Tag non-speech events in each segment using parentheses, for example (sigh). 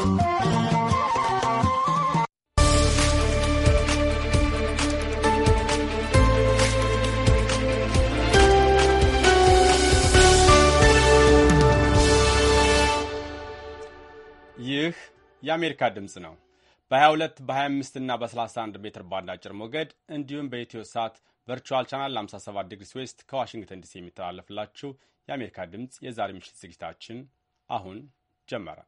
ይህ የአሜሪካ ድምፅ ነው። በ22 በ25 እና በ31 ሜትር ባንድ አጭር ሞገድ እንዲሁም በኢትዮ ሳት ቨርቹዋል ቻናል 57 ዲግሪ ስዌስት ከዋሽንግተን ዲሲ የሚተላለፍላችሁ የአሜሪካ ድምፅ የዛሬ ምሽት ዝግጅታችን አሁን ጀመረ።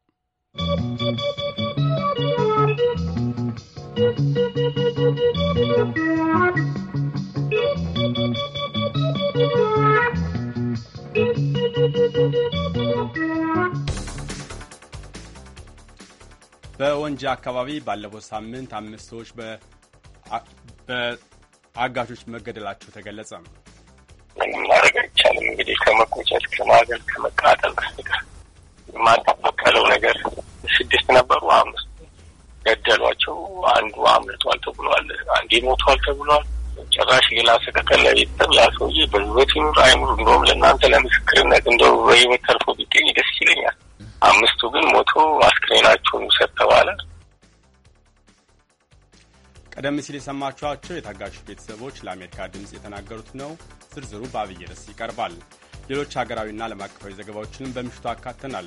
በወንጂ አካባቢ ባለፈው ሳምንት አምስት ሰዎች በአጋቾች መገደላቸው ተገለጸ። ምንም ማድረግ አይቻልም። እንግዲህ ከመቆጨት ከማገል ከመቃጠል በስተቀር የማንጠበቀለው ነገር ስድስት ነበሩ፣ አምስት ገደሏቸው። አንዱ አምልቷል ተብሏል። አንዴ ሞቷል ተብሏል። ጭራሽ ሌላ ስቅቅል ለቤተሰብ ያ ሰውዬ በህይወት ይኑር አይኑር፣ እንደውም ለእናንተ ለምስክርነት እንደው በህይወት ተርፎ ቢገኝ ደስ ይለኛል። አምስቱ ግን ሞቶ አስክሬናቸውን ውሰድ ተባለ። ቀደም ሲል የሰማችኋቸው የታጋሹ ቤተሰቦች ለአሜሪካ ድምፅ የተናገሩት ነው። ዝርዝሩ በአብይ ርዕስ ይቀርባል። ሌሎች ሀገራዊና ዓለም አቀፋዊ ዘገባዎችንም በምሽቱ አካተናል።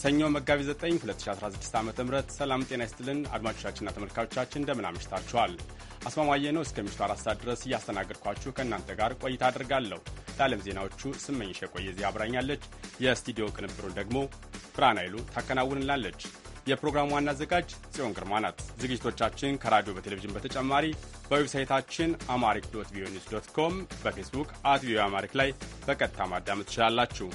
ሰኞ መጋቢት 9 2016 ዓ ም ሰላም ጤና ይስጥልን አድማጮቻችንና ተመልካቾቻችን እንደምን አምሽታችኋል። አስማማየ ነው እስከ ምሽቱ አራት ሰዓት ድረስ እያስተናገድኳችሁ ከእናንተ ጋር ቆይታ አድርጋለሁ። ለዓለም ዜናዎቹ ስመኝሽ የቆየ ዚህ አብራኛለች። የስቱዲዮ ቅንብሩን ደግሞ ብርሃን ኃይሉ ታከናውንላለች። የፕሮግራሙ ዋና አዘጋጅ ጽዮን ግርማ ናት። ዝግጅቶቻችን ከራዲዮ በቴሌቪዥን በተጨማሪ በዌብሳይታችን አማሪክ ዶት ቪኦኤ ኒውስ ዶት ኮም በፌስቡክ አት ቪኦኤ አማሪክ ላይ በቀጥታ ማዳመጥ ትችላላችሁ።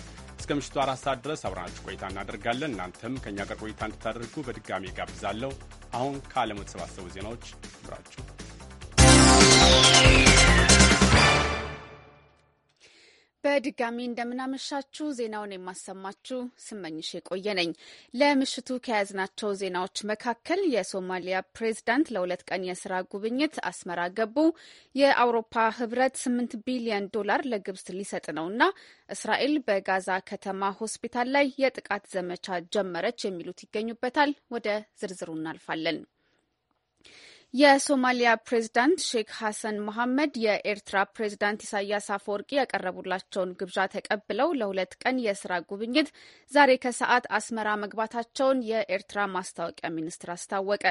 እስከ ምሽቱ አራት ሰዓት ድረስ አብረናችሁ ቆይታ እናደርጋለን። እናንተም ከእኛ ጋር ቆይታ እንድታደርጉ በድጋሚ ጋብዛለሁ። አሁን ከዓለም የተሰባሰቡ ዜናዎች ምራችሁ በድጋሚ እንደምናመሻችሁ ዜናውን የማሰማችሁ ስመኝሽ የቆየ ነኝ። ለምሽቱ ከያዝናቸው ዜናዎች መካከል የሶማሊያ ፕሬዝዳንት ለሁለት ቀን የስራ ጉብኝት አስመራ ገቡ፣ የአውሮፓ ህብረት ስምንት ቢሊዮን ዶላር ለግብጽ ሊሰጥ ነውና እስራኤል በጋዛ ከተማ ሆስፒታል ላይ የጥቃት ዘመቻ ጀመረች የሚሉት ይገኙበታል። ወደ ዝርዝሩ እናልፋለን። የሶማሊያ ፕሬዝዳንት ሼክ ሐሰን መሐመድ የኤርትራ ፕሬዝዳንት ኢሳያስ አፈወርቂ ያቀረቡላቸውን ግብዣ ተቀብለው ለሁለት ቀን የስራ ጉብኝት ዛሬ ከሰዓት አስመራ መግባታቸውን የኤርትራ ማስታወቂያ ሚኒስትር አስታወቀ።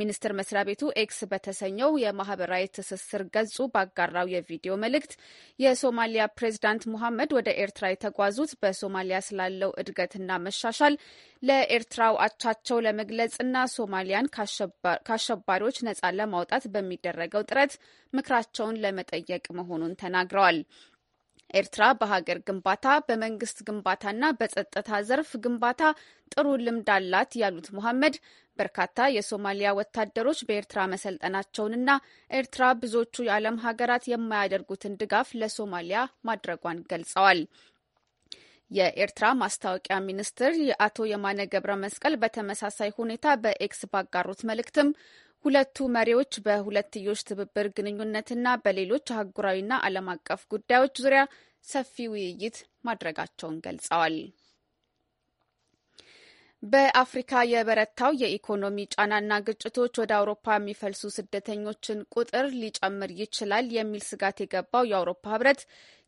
ሚኒስቴር መስሪያ ቤቱ ኤክስ በተሰኘው የማህበራዊ ትስስር ገጹ ባጋራው የቪዲዮ መልእክት የሶማሊያ ፕሬዝዳንት መሐመድ ወደ ኤርትራ የተጓዙት በሶማሊያ ስላለው እድገትና መሻሻል ለኤርትራው አቻቸው ለመግለጽና ሶማሊያን ካሸባሪ ታሳሪዎች ነጻ ለማውጣት በሚደረገው ጥረት ምክራቸውን ለመጠየቅ መሆኑን ተናግረዋል። ኤርትራ በሀገር ግንባታ በመንግስት ግንባታና በጸጥታ ዘርፍ ግንባታ ጥሩ ልምድ አላት ያሉት መሐመድ በርካታ የሶማሊያ ወታደሮች በኤርትራ መሰልጠናቸውንና ኤርትራ ብዙዎቹ የዓለም ሀገራት የማያደርጉትን ድጋፍ ለሶማሊያ ማድረጓን ገልጸዋል። የኤርትራ ማስታወቂያ ሚኒስትር የአቶ የማነ ገብረ መስቀል በተመሳሳይ ሁኔታ በኤክስ ባጋሩት መልእክትም ሁለቱ መሪዎች በሁለትዮሽ ትብብር ግንኙነትና በሌሎች አህጉራዊና ዓለም አቀፍ ጉዳዮች ዙሪያ ሰፊ ውይይት ማድረጋቸውን ገልጸዋል። በአፍሪካ የበረታው የኢኮኖሚ ጫናና ግጭቶች ወደ አውሮፓ የሚፈልሱ ስደተኞችን ቁጥር ሊጨምር ይችላል የሚል ስጋት የገባው የአውሮፓ ህብረት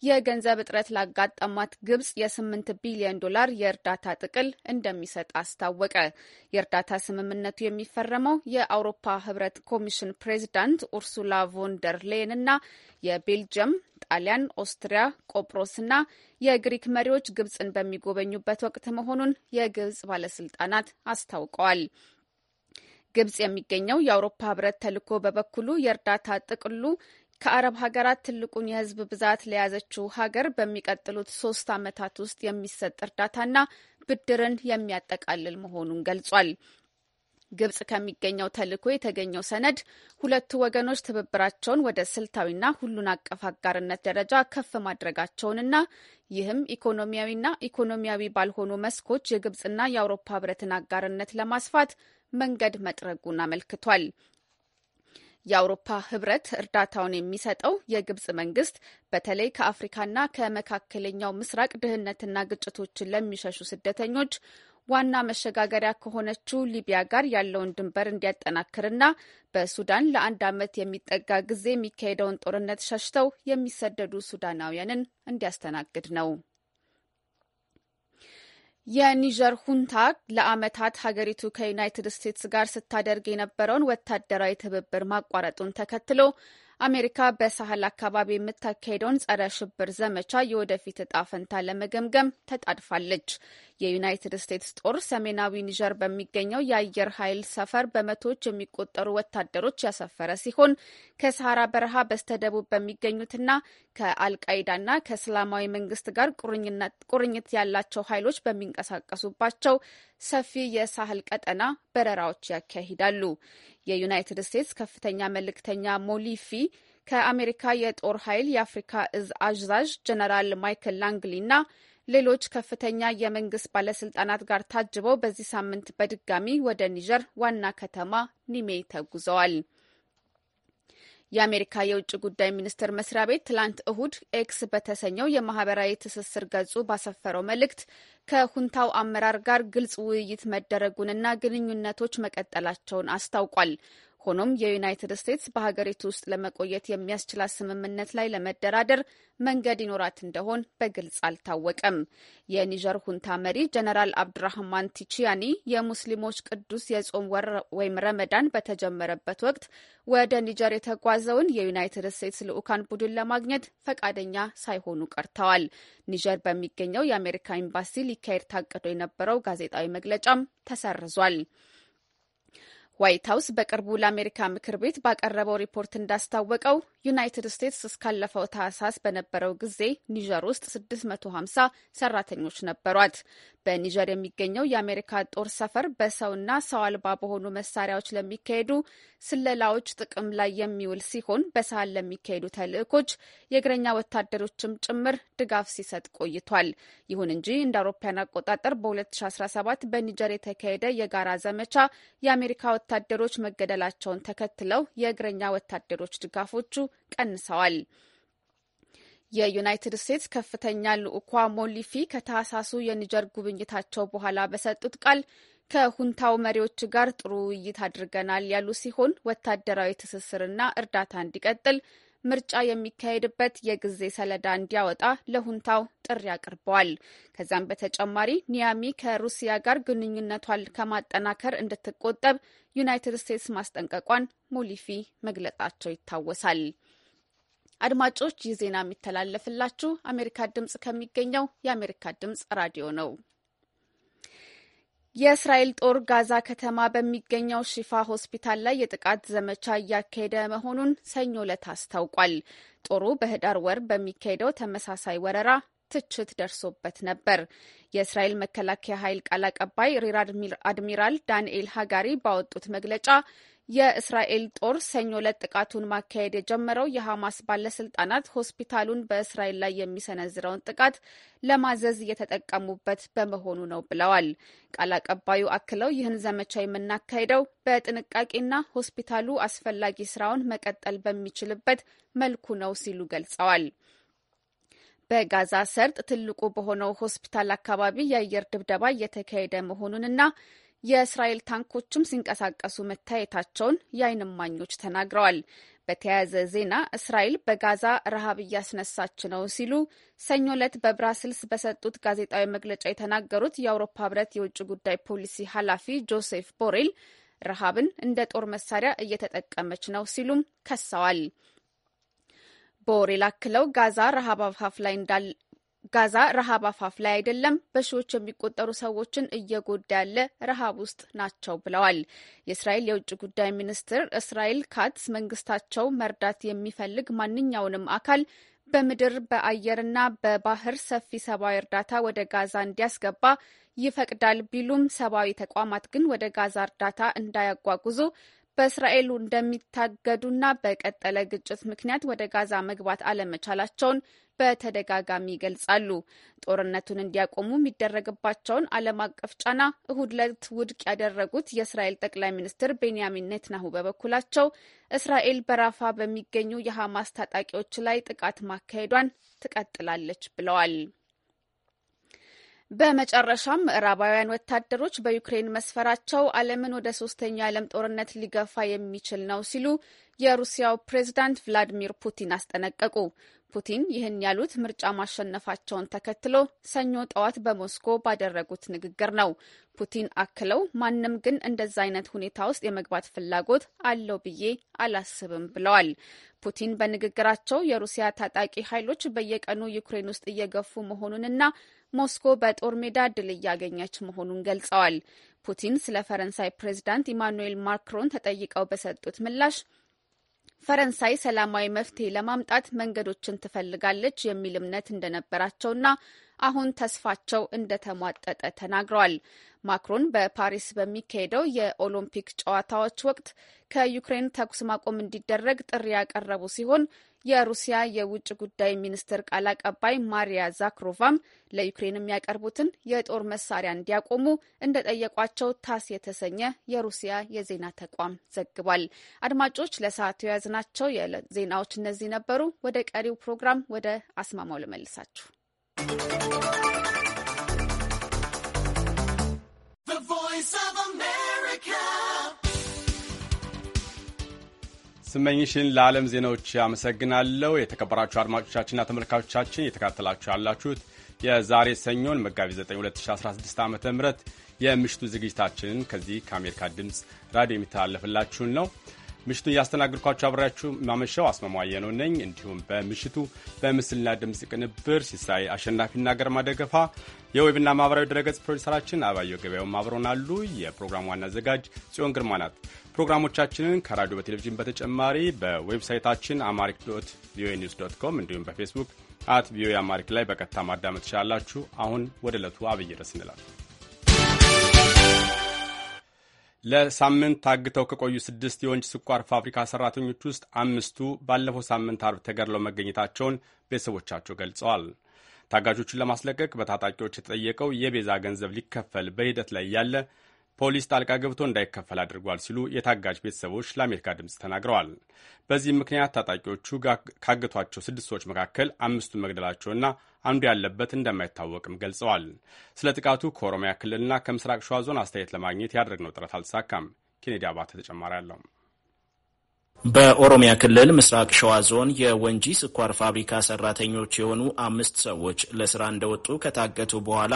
የገንዘብ እጥረት ላጋጠማት ግብጽ የስምንት ቢሊዮን ዶላር የእርዳታ ጥቅል እንደሚሰጥ አስታወቀ። የእርዳታ ስምምነቱ የሚፈረመው የአውሮፓ ህብረት ኮሚሽን ፕሬዚዳንት ኡርሱላ ቮንደር ሌን እና የቤልጅየም፣ ጣሊያን፣ ኦስትሪያ፣ እና የግሪክ መሪዎች ግብጽን በሚጎበኙበት ወቅት መሆኑን የግብጽ ባለስልጣናት አስታውቀዋል። ግብጽ የሚገኘው የአውሮፓ ህብረት ተልዕኮ በበኩሉ የእርዳታ ጥቅሉ ከአረብ ሀገራት ትልቁን የህዝብ ብዛት ለያዘችው ሀገር በሚቀጥሉት ሶስት ዓመታት ውስጥ የሚሰጥ እርዳታና ብድርን የሚያጠቃልል መሆኑን ገልጿል። ግብጽ ከሚገኘው ተልዕኮ የተገኘው ሰነድ ሁለቱ ወገኖች ትብብራቸውን ወደ ስልታዊና ሁሉን አቀፍ አጋርነት ደረጃ ከፍ ማድረጋቸውንና ይህም ኢኮኖሚያዊና ኢኮኖሚያዊ ባልሆኑ መስኮች የግብጽና የአውሮፓ ህብረትን አጋርነት ለማስፋት መንገድ መጥረጉን አመልክቷል። የአውሮፓ ህብረት እርዳታውን የሚሰጠው የግብጽ መንግስት በተለይ ከአፍሪካና ከመካከለኛው ምስራቅ ድህነትና ግጭቶችን ለሚሸሹ ስደተኞች ዋና መሸጋገሪያ ከሆነችው ሊቢያ ጋር ያለውን ድንበር እንዲያጠናክርና በሱዳን ለአንድ ዓመት የሚጠጋ ጊዜ የሚካሄደውን ጦርነት ሸሽተው የሚሰደዱ ሱዳናውያንን እንዲያስተናግድ ነው። የኒጀር ሁንታ ለአመታት ሀገሪቱ ከዩናይትድ ስቴትስ ጋር ስታደርግ የነበረውን ወታደራዊ ትብብር ማቋረጡን ተከትሎ አሜሪካ በሳህል አካባቢ የምታካሄደውን ጸረ ሽብር ዘመቻ የወደፊት እጣ ፈንታ ለመገምገም ተጣድፋለች። የዩናይትድ ስቴትስ ጦር ሰሜናዊ ኒጀር በሚገኘው የአየር ኃይል ሰፈር በመቶዎች የሚቆጠሩ ወታደሮች ያሰፈረ ሲሆን ከሰሃራ በረሃ በስተደቡብ በሚገኙትና ከአልቃይዳና ከእስላማዊ መንግስት ጋር ቁርኝት ያላቸው ኃይሎች በሚንቀሳቀሱባቸው ሰፊ የሳህል ቀጠና በረራዎች ያካሂዳሉ። የዩናይትድ ስቴትስ ከፍተኛ መልእክተኛ ሞሊፊ ከአሜሪካ የጦር ኃይል የአፍሪካ እዝ አዛዥ ጀነራል ማይክል ላንግሊ እና ሌሎች ከፍተኛ የመንግስት ባለስልጣናት ጋር ታጅበው በዚህ ሳምንት በድጋሚ ወደ ኒጀር ዋና ከተማ ኒሜ ተጉዘዋል። የአሜሪካ የውጭ ጉዳይ ሚኒስቴር መስሪያ ቤት ትላንት እሁድ ኤክስ በተሰኘው የማህበራዊ ትስስር ገጹ ባሰፈረው መልእክት ከሁንታው አመራር ጋር ግልጽ ውይይት መደረጉንና ግንኙነቶች መቀጠላቸውን አስታውቋል። ሆኖም የዩናይትድ ስቴትስ በሀገሪቱ ውስጥ ለመቆየት የሚያስችላት ስምምነት ላይ ለመደራደር መንገድ ይኖራት እንደሆን በግልጽ አልታወቀም። የኒጀር ሁንታ መሪ ጀነራል አብድራህማን ቲቺያኒ የሙስሊሞች ቅዱስ የጾም ወር ወይም ረመዳን በተጀመረበት ወቅት ወደ ኒጀር የተጓዘውን የዩናይትድ ስቴትስ ልዑካን ቡድን ለማግኘት ፈቃደኛ ሳይሆኑ ቀርተዋል። ኒጀር በሚገኘው የአሜሪካ ኤምባሲ ሊካሄድ ታቅዶ የነበረው ጋዜጣዊ መግለጫም ተሰርዟል። ዋይት ሀውስ በቅርቡ ለአሜሪካ ምክር ቤት ባቀረበው ሪፖርት እንዳስታወቀው ዩናይትድ ስቴትስ እስካለፈው ታህሳስ በነበረው ጊዜ ኒጀር ውስጥ 650 ሰራተኞች ነበሯት። በኒጀር የሚገኘው የአሜሪካ ጦር ሰፈር በሰውና ሰው አልባ በሆኑ መሳሪያዎች ለሚካሄዱ ስለላዎች ጥቅም ላይ የሚውል ሲሆን በሳህል ለሚካሄዱ ተልዕኮች የእግረኛ ወታደሮችም ጭምር ድጋፍ ሲሰጥ ቆይቷል። ይሁን እንጂ እንደ አውሮፓውያን አቆጣጠር በ2017 በኒጀር የተካሄደ የጋራ ዘመቻ የአሜሪካ ወታደሮች መገደላቸውን ተከትለው የእግረኛ ወታደሮች ድጋፎቹ ቀንሰዋል። የዩናይትድ ስቴትስ ከፍተኛ ልዑኳ ሞሊፊ ከታህሳሱ የኒጀር ጉብኝታቸው በኋላ በሰጡት ቃል ከሁንታው መሪዎች ጋር ጥሩ ውይይት አድርገናል ያሉ ሲሆን ወታደራዊ ትስስርና እርዳታ እንዲቀጥል ምርጫ የሚካሄድበት የጊዜ ሰሌዳ እንዲያወጣ ለሁንታው ጥሪ አቅርበዋል። ከዚያም በተጨማሪ ኒያሚ ከሩሲያ ጋር ግንኙነቷን ከማጠናከር እንድትቆጠብ ዩናይትድ ስቴትስ ማስጠንቀቋን ሞሊፊ መግለጻቸው ይታወሳል። አድማጮች ይህ ዜና የሚተላለፍላችሁ አሜሪካ ድምጽ ከሚገኘው የአሜሪካ ድምጽ ራዲዮ ነው። የእስራኤል ጦር ጋዛ ከተማ በሚገኘው ሺፋ ሆስፒታል ላይ የጥቃት ዘመቻ እያካሄደ መሆኑን ሰኞ ዕለት አስታውቋል። ጦሩ በህዳር ወር በሚካሄደው ተመሳሳይ ወረራ ትችት ደርሶበት ነበር። የእስራኤል መከላከያ ኃይል ቃል አቀባይ ሪር አድሚራል ዳንኤል ሀጋሪ ባወጡት መግለጫ የእስራኤል ጦር ሰኞ ዕለት ጥቃቱን ማካሄድ የጀመረው የሐማስ ባለስልጣናት ሆስፒታሉን በእስራኤል ላይ የሚሰነዝረውን ጥቃት ለማዘዝ እየተጠቀሙበት በመሆኑ ነው ብለዋል። ቃል አቀባዩ አክለው ይህን ዘመቻ የምናካሄደው በጥንቃቄና ሆስፒታሉ አስፈላጊ ስራውን መቀጠል በሚችልበት መልኩ ነው ሲሉ ገልጸዋል። በጋዛ ሰርጥ ትልቁ በሆነው ሆስፒታል አካባቢ የአየር ድብደባ እየተካሄደ መሆኑንና የእስራኤል ታንኮችም ሲንቀሳቀሱ መታየታቸውን የዓይን እማኞች ተናግረዋል። በተያያዘ ዜና እስራኤል በጋዛ ረሃብ እያስነሳች ነው ሲሉ ሰኞ ዕለት በብራስልስ በሰጡት ጋዜጣዊ መግለጫ የተናገሩት የአውሮፓ ህብረት የውጭ ጉዳይ ፖሊሲ ኃላፊ ጆሴፍ ቦሬል ረሃብን እንደ ጦር መሳሪያ እየተጠቀመች ነው ሲሉም ከሰዋል። ቦሬል አክለው ጋዛ ረሃብ አፋፍ ላይ ጋዛ ረሃብ አፋፍ ላይ አይደለም፣ በሺዎች የሚቆጠሩ ሰዎችን እየጎዳ ያለ ረሃብ ውስጥ ናቸው ብለዋል። የእስራኤል የውጭ ጉዳይ ሚኒስትር እስራኤል ካትስ መንግስታቸው መርዳት የሚፈልግ ማንኛውንም አካል በምድር በአየርና በባህር ሰፊ ሰብአዊ እርዳታ ወደ ጋዛ እንዲያስገባ ይፈቅዳል ቢሉም ሰብአዊ ተቋማት ግን ወደ ጋዛ እርዳታ እንዳያጓጉዙ በእስራኤሉ እንደሚታገዱና በቀጠለ ግጭት ምክንያት ወደ ጋዛ መግባት አለመቻላቸውን በተደጋጋሚ ይገልጻሉ። ጦርነቱን እንዲያቆሙ የሚደረግባቸውን ዓለም አቀፍ ጫና እሁድ ዕለት ውድቅ ያደረጉት የእስራኤል ጠቅላይ ሚኒስትር ቤንያሚን ኔትናሁ በበኩላቸው እስራኤል በራፋ በሚገኙ የሐማስ ታጣቂዎች ላይ ጥቃት ማካሄዷን ትቀጥላለች ብለዋል። በመጨረሻም ምዕራባውያን ወታደሮች በዩክሬን መስፈራቸው ዓለምን ወደ ሶስተኛ ዓለም ጦርነት ሊገፋ የሚችል ነው ሲሉ የሩሲያው ፕሬዝዳንት ቭላዲሚር ፑቲን አስጠነቀቁ። ፑቲን ይህን ያሉት ምርጫ ማሸነፋቸውን ተከትሎ ሰኞ ጠዋት በሞስኮ ባደረጉት ንግግር ነው። ፑቲን አክለው ማንም ግን እንደዛ አይነት ሁኔታ ውስጥ የመግባት ፍላጎት አለው ብዬ አላስብም ብለዋል። ፑቲን በንግግራቸው የሩሲያ ታጣቂ ኃይሎች በየቀኑ ዩክሬን ውስጥ እየገፉ መሆኑንና ሞስኮ በጦር ሜዳ ድል እያገኘች መሆኑን ገልጸዋል። ፑቲን ስለ ፈረንሳይ ፕሬዚዳንት ኢማኑኤል ማክሮን ተጠይቀው በሰጡት ምላሽ ፈረንሳይ ሰላማዊ መፍትሄ ለማምጣት መንገዶችን ትፈልጋለች የሚል እምነት እንደነበራቸውና አሁን ተስፋቸው እንደተሟጠጠ ተናግረዋል። ማክሮን በፓሪስ በሚካሄደው የኦሎምፒክ ጨዋታዎች ወቅት ከዩክሬን ተኩስ ማቆም እንዲደረግ ጥሪ ያቀረቡ ሲሆን የሩሲያ የውጭ ጉዳይ ሚኒስትር ቃል አቀባይ ማሪያ ዛክሮቫም ለዩክሬን የሚያቀርቡትን የጦር መሳሪያ እንዲያቆሙ እንደጠየቋቸው ታስ የተሰኘ የሩሲያ የዜና ተቋም ዘግቧል። አድማጮች ለሰዓቱ የያዝናቸው ዜናዎች እነዚህ ነበሩ። ወደ ቀሪው ፕሮግራም ወደ አስማማው ልመልሳችሁ። ስመኝሽን ለዓለም ዜናዎች አመሰግናለሁ። የተከበራችሁ አድማጮቻችንና ተመልካቾቻችን እየተከታተላችሁ ያላችሁት የዛሬ ሰኞን መጋቢት 9 2016 ዓ ም የምሽቱ ዝግጅታችንን ከዚህ ከአሜሪካ ድምፅ ራዲዮ የሚተላለፍላችሁን ነው። ምሽቱን ያስተናግድኳችሁ አብሬያችሁ ማመሻው አስማማየ ነው ነኝ። እንዲሁም በምሽቱ በምስልና ድምፅ ቅንብር ሲሳይ አሸናፊና ገርማ ደገፋ፣ የዌብና ማህበራዊ ድረገጽ ፕሮዲሰራችን አባየው ገበያውም አብረውን አሉ። የፕሮግራም ዋና አዘጋጅ ጽዮን ግርማ ናት። ፕሮግራሞቻችንን ከራዲዮ በቴሌቪዥን በተጨማሪ በዌብሳይታችን አማሪክ ዶት ቪኦኤ ኒውስ ዶት ኮም እንዲሁም በፌስቡክ አት ቪኦኤ አማሪክ ላይ በቀጥታ ማዳመጥ ትችላላችሁ። አሁን ወደ ዕለቱ አብይ ርዕስ እንላለን። ለሳምንት ታግተው ከቆዩ ስድስት የወንጭ ስኳር ፋብሪካ ሰራተኞች ውስጥ አምስቱ ባለፈው ሳምንት አርብ ተገድለው መገኘታቸውን ቤተሰቦቻቸው ገልጸዋል። ታጋቾቹን ለማስለቀቅ በታጣቂዎች የተጠየቀው የቤዛ ገንዘብ ሊከፈል በሂደት ላይ ያለ ፖሊስ ጣልቃ ገብቶ እንዳይከፈል አድርጓል ሲሉ የታጋጅ ቤተሰቦች ለአሜሪካ ድምፅ ተናግረዋል። በዚህም ምክንያት ታጣቂዎቹ ካገቷቸው ስድስት ሰዎች መካከል አምስቱን መግደላቸውና አንዱ ያለበት እንደማይታወቅም ገልጸዋል። ስለ ጥቃቱ ከኦሮሚያ ክልልና ከምስራቅ ሸዋ ዞን አስተያየት ለማግኘት ያደረግነው ጥረት አልተሳካም። ኬኔዲ አባተ ተጨማሪ አለው። በኦሮሚያ ክልል ምስራቅ ሸዋ ዞን የወንጂ ስኳር ፋብሪካ ሰራተኞች የሆኑ አምስት ሰዎች ለስራ እንደወጡ ከታገቱ በኋላ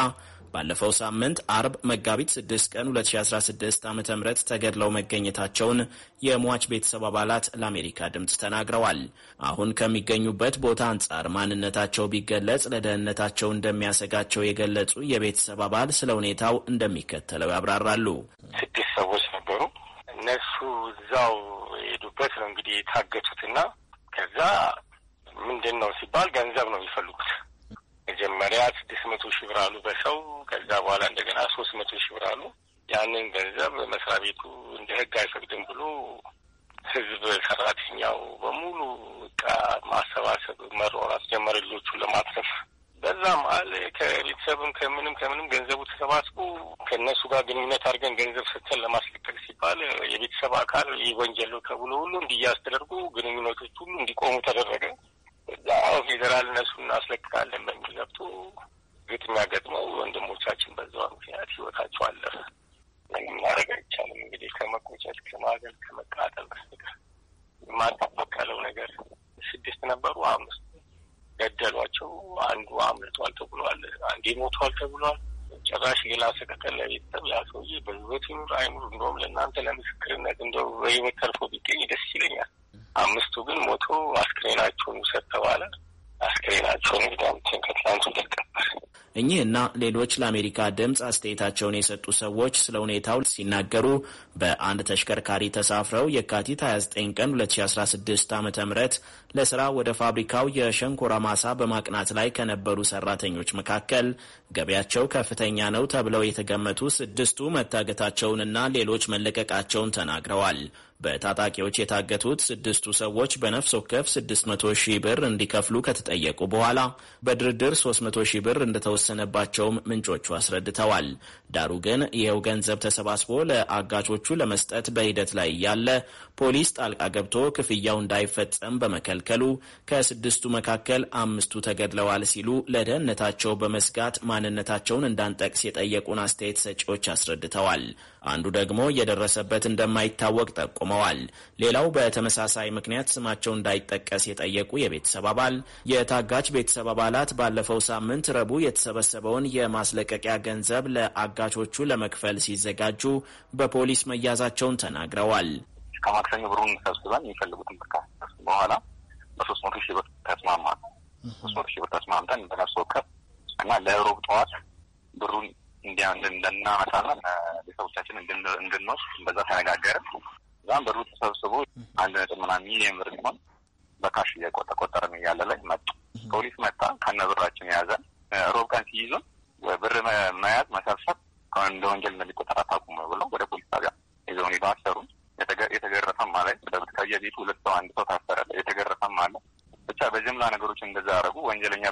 ባለፈው ሳምንት አርብ መጋቢት 6 ቀን 2016 ዓ ም ተገድለው መገኘታቸውን የሟች ቤተሰብ አባላት ለአሜሪካ ድምፅ ተናግረዋል። አሁን ከሚገኙበት ቦታ አንጻር ማንነታቸው ቢገለጽ ለደህንነታቸው እንደሚያሰጋቸው የገለጹ የቤተሰብ አባል ስለ ሁኔታው እንደሚከተለው ያብራራሉ። ስድስት ሰዎች ነበሩ። እነሱ እዛው የሄዱበት ነው እንግዲህ የታገቱትና ከዛ ምንድን ነው ሲባል ገንዘብ ነው የሚፈልጉት መጀመሪያ ስድስት መቶ ሺህ ብር አሉ በሰው ከዛ በኋላ እንደገና ሶስት መቶ ሺህ ብር አሉ። ያንን ገንዘብ መስሪያ ቤቱ እንደ ህግ አይፈቅድም ብሎ ህዝብ ሰራተኛው በሙሉ እቃ ማሰባሰብ መሯራት ጀመረ፣ ልጆቹን ለማትረፍ። በዛ መሀል ከቤተሰብም ከምንም ከምንም ገንዘቡ ተሰባስቦ ከእነሱ ጋር ግንኙነት አድርገን ገንዘብ ሰጥተን ለማስለቀቅ ሲባል የቤተሰብ አካል ወንጀለው ተብሎ ሁሉ እንዲያዝ ተደርጎ ግንኙነቶች ሁሉ እንዲቆሙ ተደረገ። ፌዴራል እነሱ እናስለቅቃለን በሚል ሲወጡ ግጥሚያ ገጥመው ወንድሞቻችን በዛ ምክንያት ህይወታቸው አለፈ። ምንም ማድረግ አይቻልም። እንግዲህ ከመቆጨት ከማገል፣ ከመቃጠል በስተቀር የማንጠበቀለው ነገር ስድስት ነበሩ፣ አምስት ገደሏቸው። አንዱ አምልጧል ተብሏል። አንዴ ሞቷል ተብሏል። ጭራሽ ሌላ ስቅጥል ለቤተሰብ ያ ሰውዬ በህይወት ይኑር አይኑር እንደውም ለእናንተ ለምስክርነት እንደው በህይወት ተርፎ ቢገኝ ደስ ይለኛል። አምስቱ ግን ሞቶ አስክሬናቸውን ውሰድ ተባለ። አስክሬናቸውን እንግዳ እኚህና ሌሎች ለአሜሪካ ድምፅ አስተያየታቸውን የሰጡ ሰዎች ስለ ሁኔታው ሲናገሩ በአንድ ተሽከርካሪ ተሳፍረው የካቲት 29 ቀን 2016 ዓ ም ለስራ ወደ ፋብሪካው የሸንኮራ ማሳ በማቅናት ላይ ከነበሩ ሰራተኞች መካከል ገቢያቸው ከፍተኛ ነው ተብለው የተገመቱ ስድስቱ መታገታቸውንና ሌሎች መለቀቃቸውን ተናግረዋል። በታጣቂዎች የታገቱት ስድስቱ ሰዎች በነፍስ ወከፍ 600 ሺህ ብር እንዲከፍሉ ከተጠየቁ በኋላ በድርድር 300 ሺህ ብር እንደተወሰነባቸውም ምንጮቹ አስረድተዋል። ዳሩ ግን ይኸው ገንዘብ ተሰባስቦ ለአጋቾ ለተጎጂዎቹ ለመስጠት በሂደት ላይ እያለ ፖሊስ ጣልቃ ገብቶ ክፍያው እንዳይፈጸም በመከልከሉ ከስድስቱ መካከል አምስቱ ተገድለዋል ሲሉ ለደህንነታቸው በመስጋት ማንነታቸውን እንዳንጠቅስ የጠየቁን አስተያየት ሰጪዎች አስረድተዋል። አንዱ ደግሞ የደረሰበት እንደማይታወቅ ጠቁመዋል። ሌላው በተመሳሳይ ምክንያት ስማቸው እንዳይጠቀስ የጠየቁ የቤተሰብ አባል የታጋች ቤተሰብ አባላት ባለፈው ሳምንት ረቡዕ የተሰበሰበውን የማስለቀቂያ ገንዘብ ለአጋቾቹ ለመክፈል ሲዘጋጁ በፖሊስ መያዛቸውን ተናግረዋል። ከማክሰኞ ብሩን ሰብስበን የሚፈልጉትን ብር በኋላ በሶስት መቶ ሺህ ብር ተስማማ ሶስት መቶ ሺህ ብር ተስማምተን በነፍስ ወከፍ እና ለሮብ ጠዋት ብሩን እንዲያ እንደናመጣና ቤተሰቦቻችን እንድንወስድ በዛ ተነጋገርን። እዛም በሩ ተሰብስቦ አንድ ነጥብ ምናምን ሚሊየን ብር ሲሆን በካሽ እየቆጠቆጠርን እያለ ላይ መጡ። ፖሊስ መጣ፣ ከነ ብራችን የያዘን። ሮብ ቀን ሲይዙን ብር መያዝ መሰብሰብ እንደ ወንጀል እንደሚቆጠር አታውቁም ብለው ወደ ፖሊስ ጣቢያ ይዘውን ሄዶ አሰሩን። የተገረፈም አለ። ከየቤቱ ሁለት ሰው አንድ ሰው ታሰረ። የተገረፈም አለ። ብቻ በጅምላ ነገሮች እንደዛ ያደረጉ ወንጀለኛ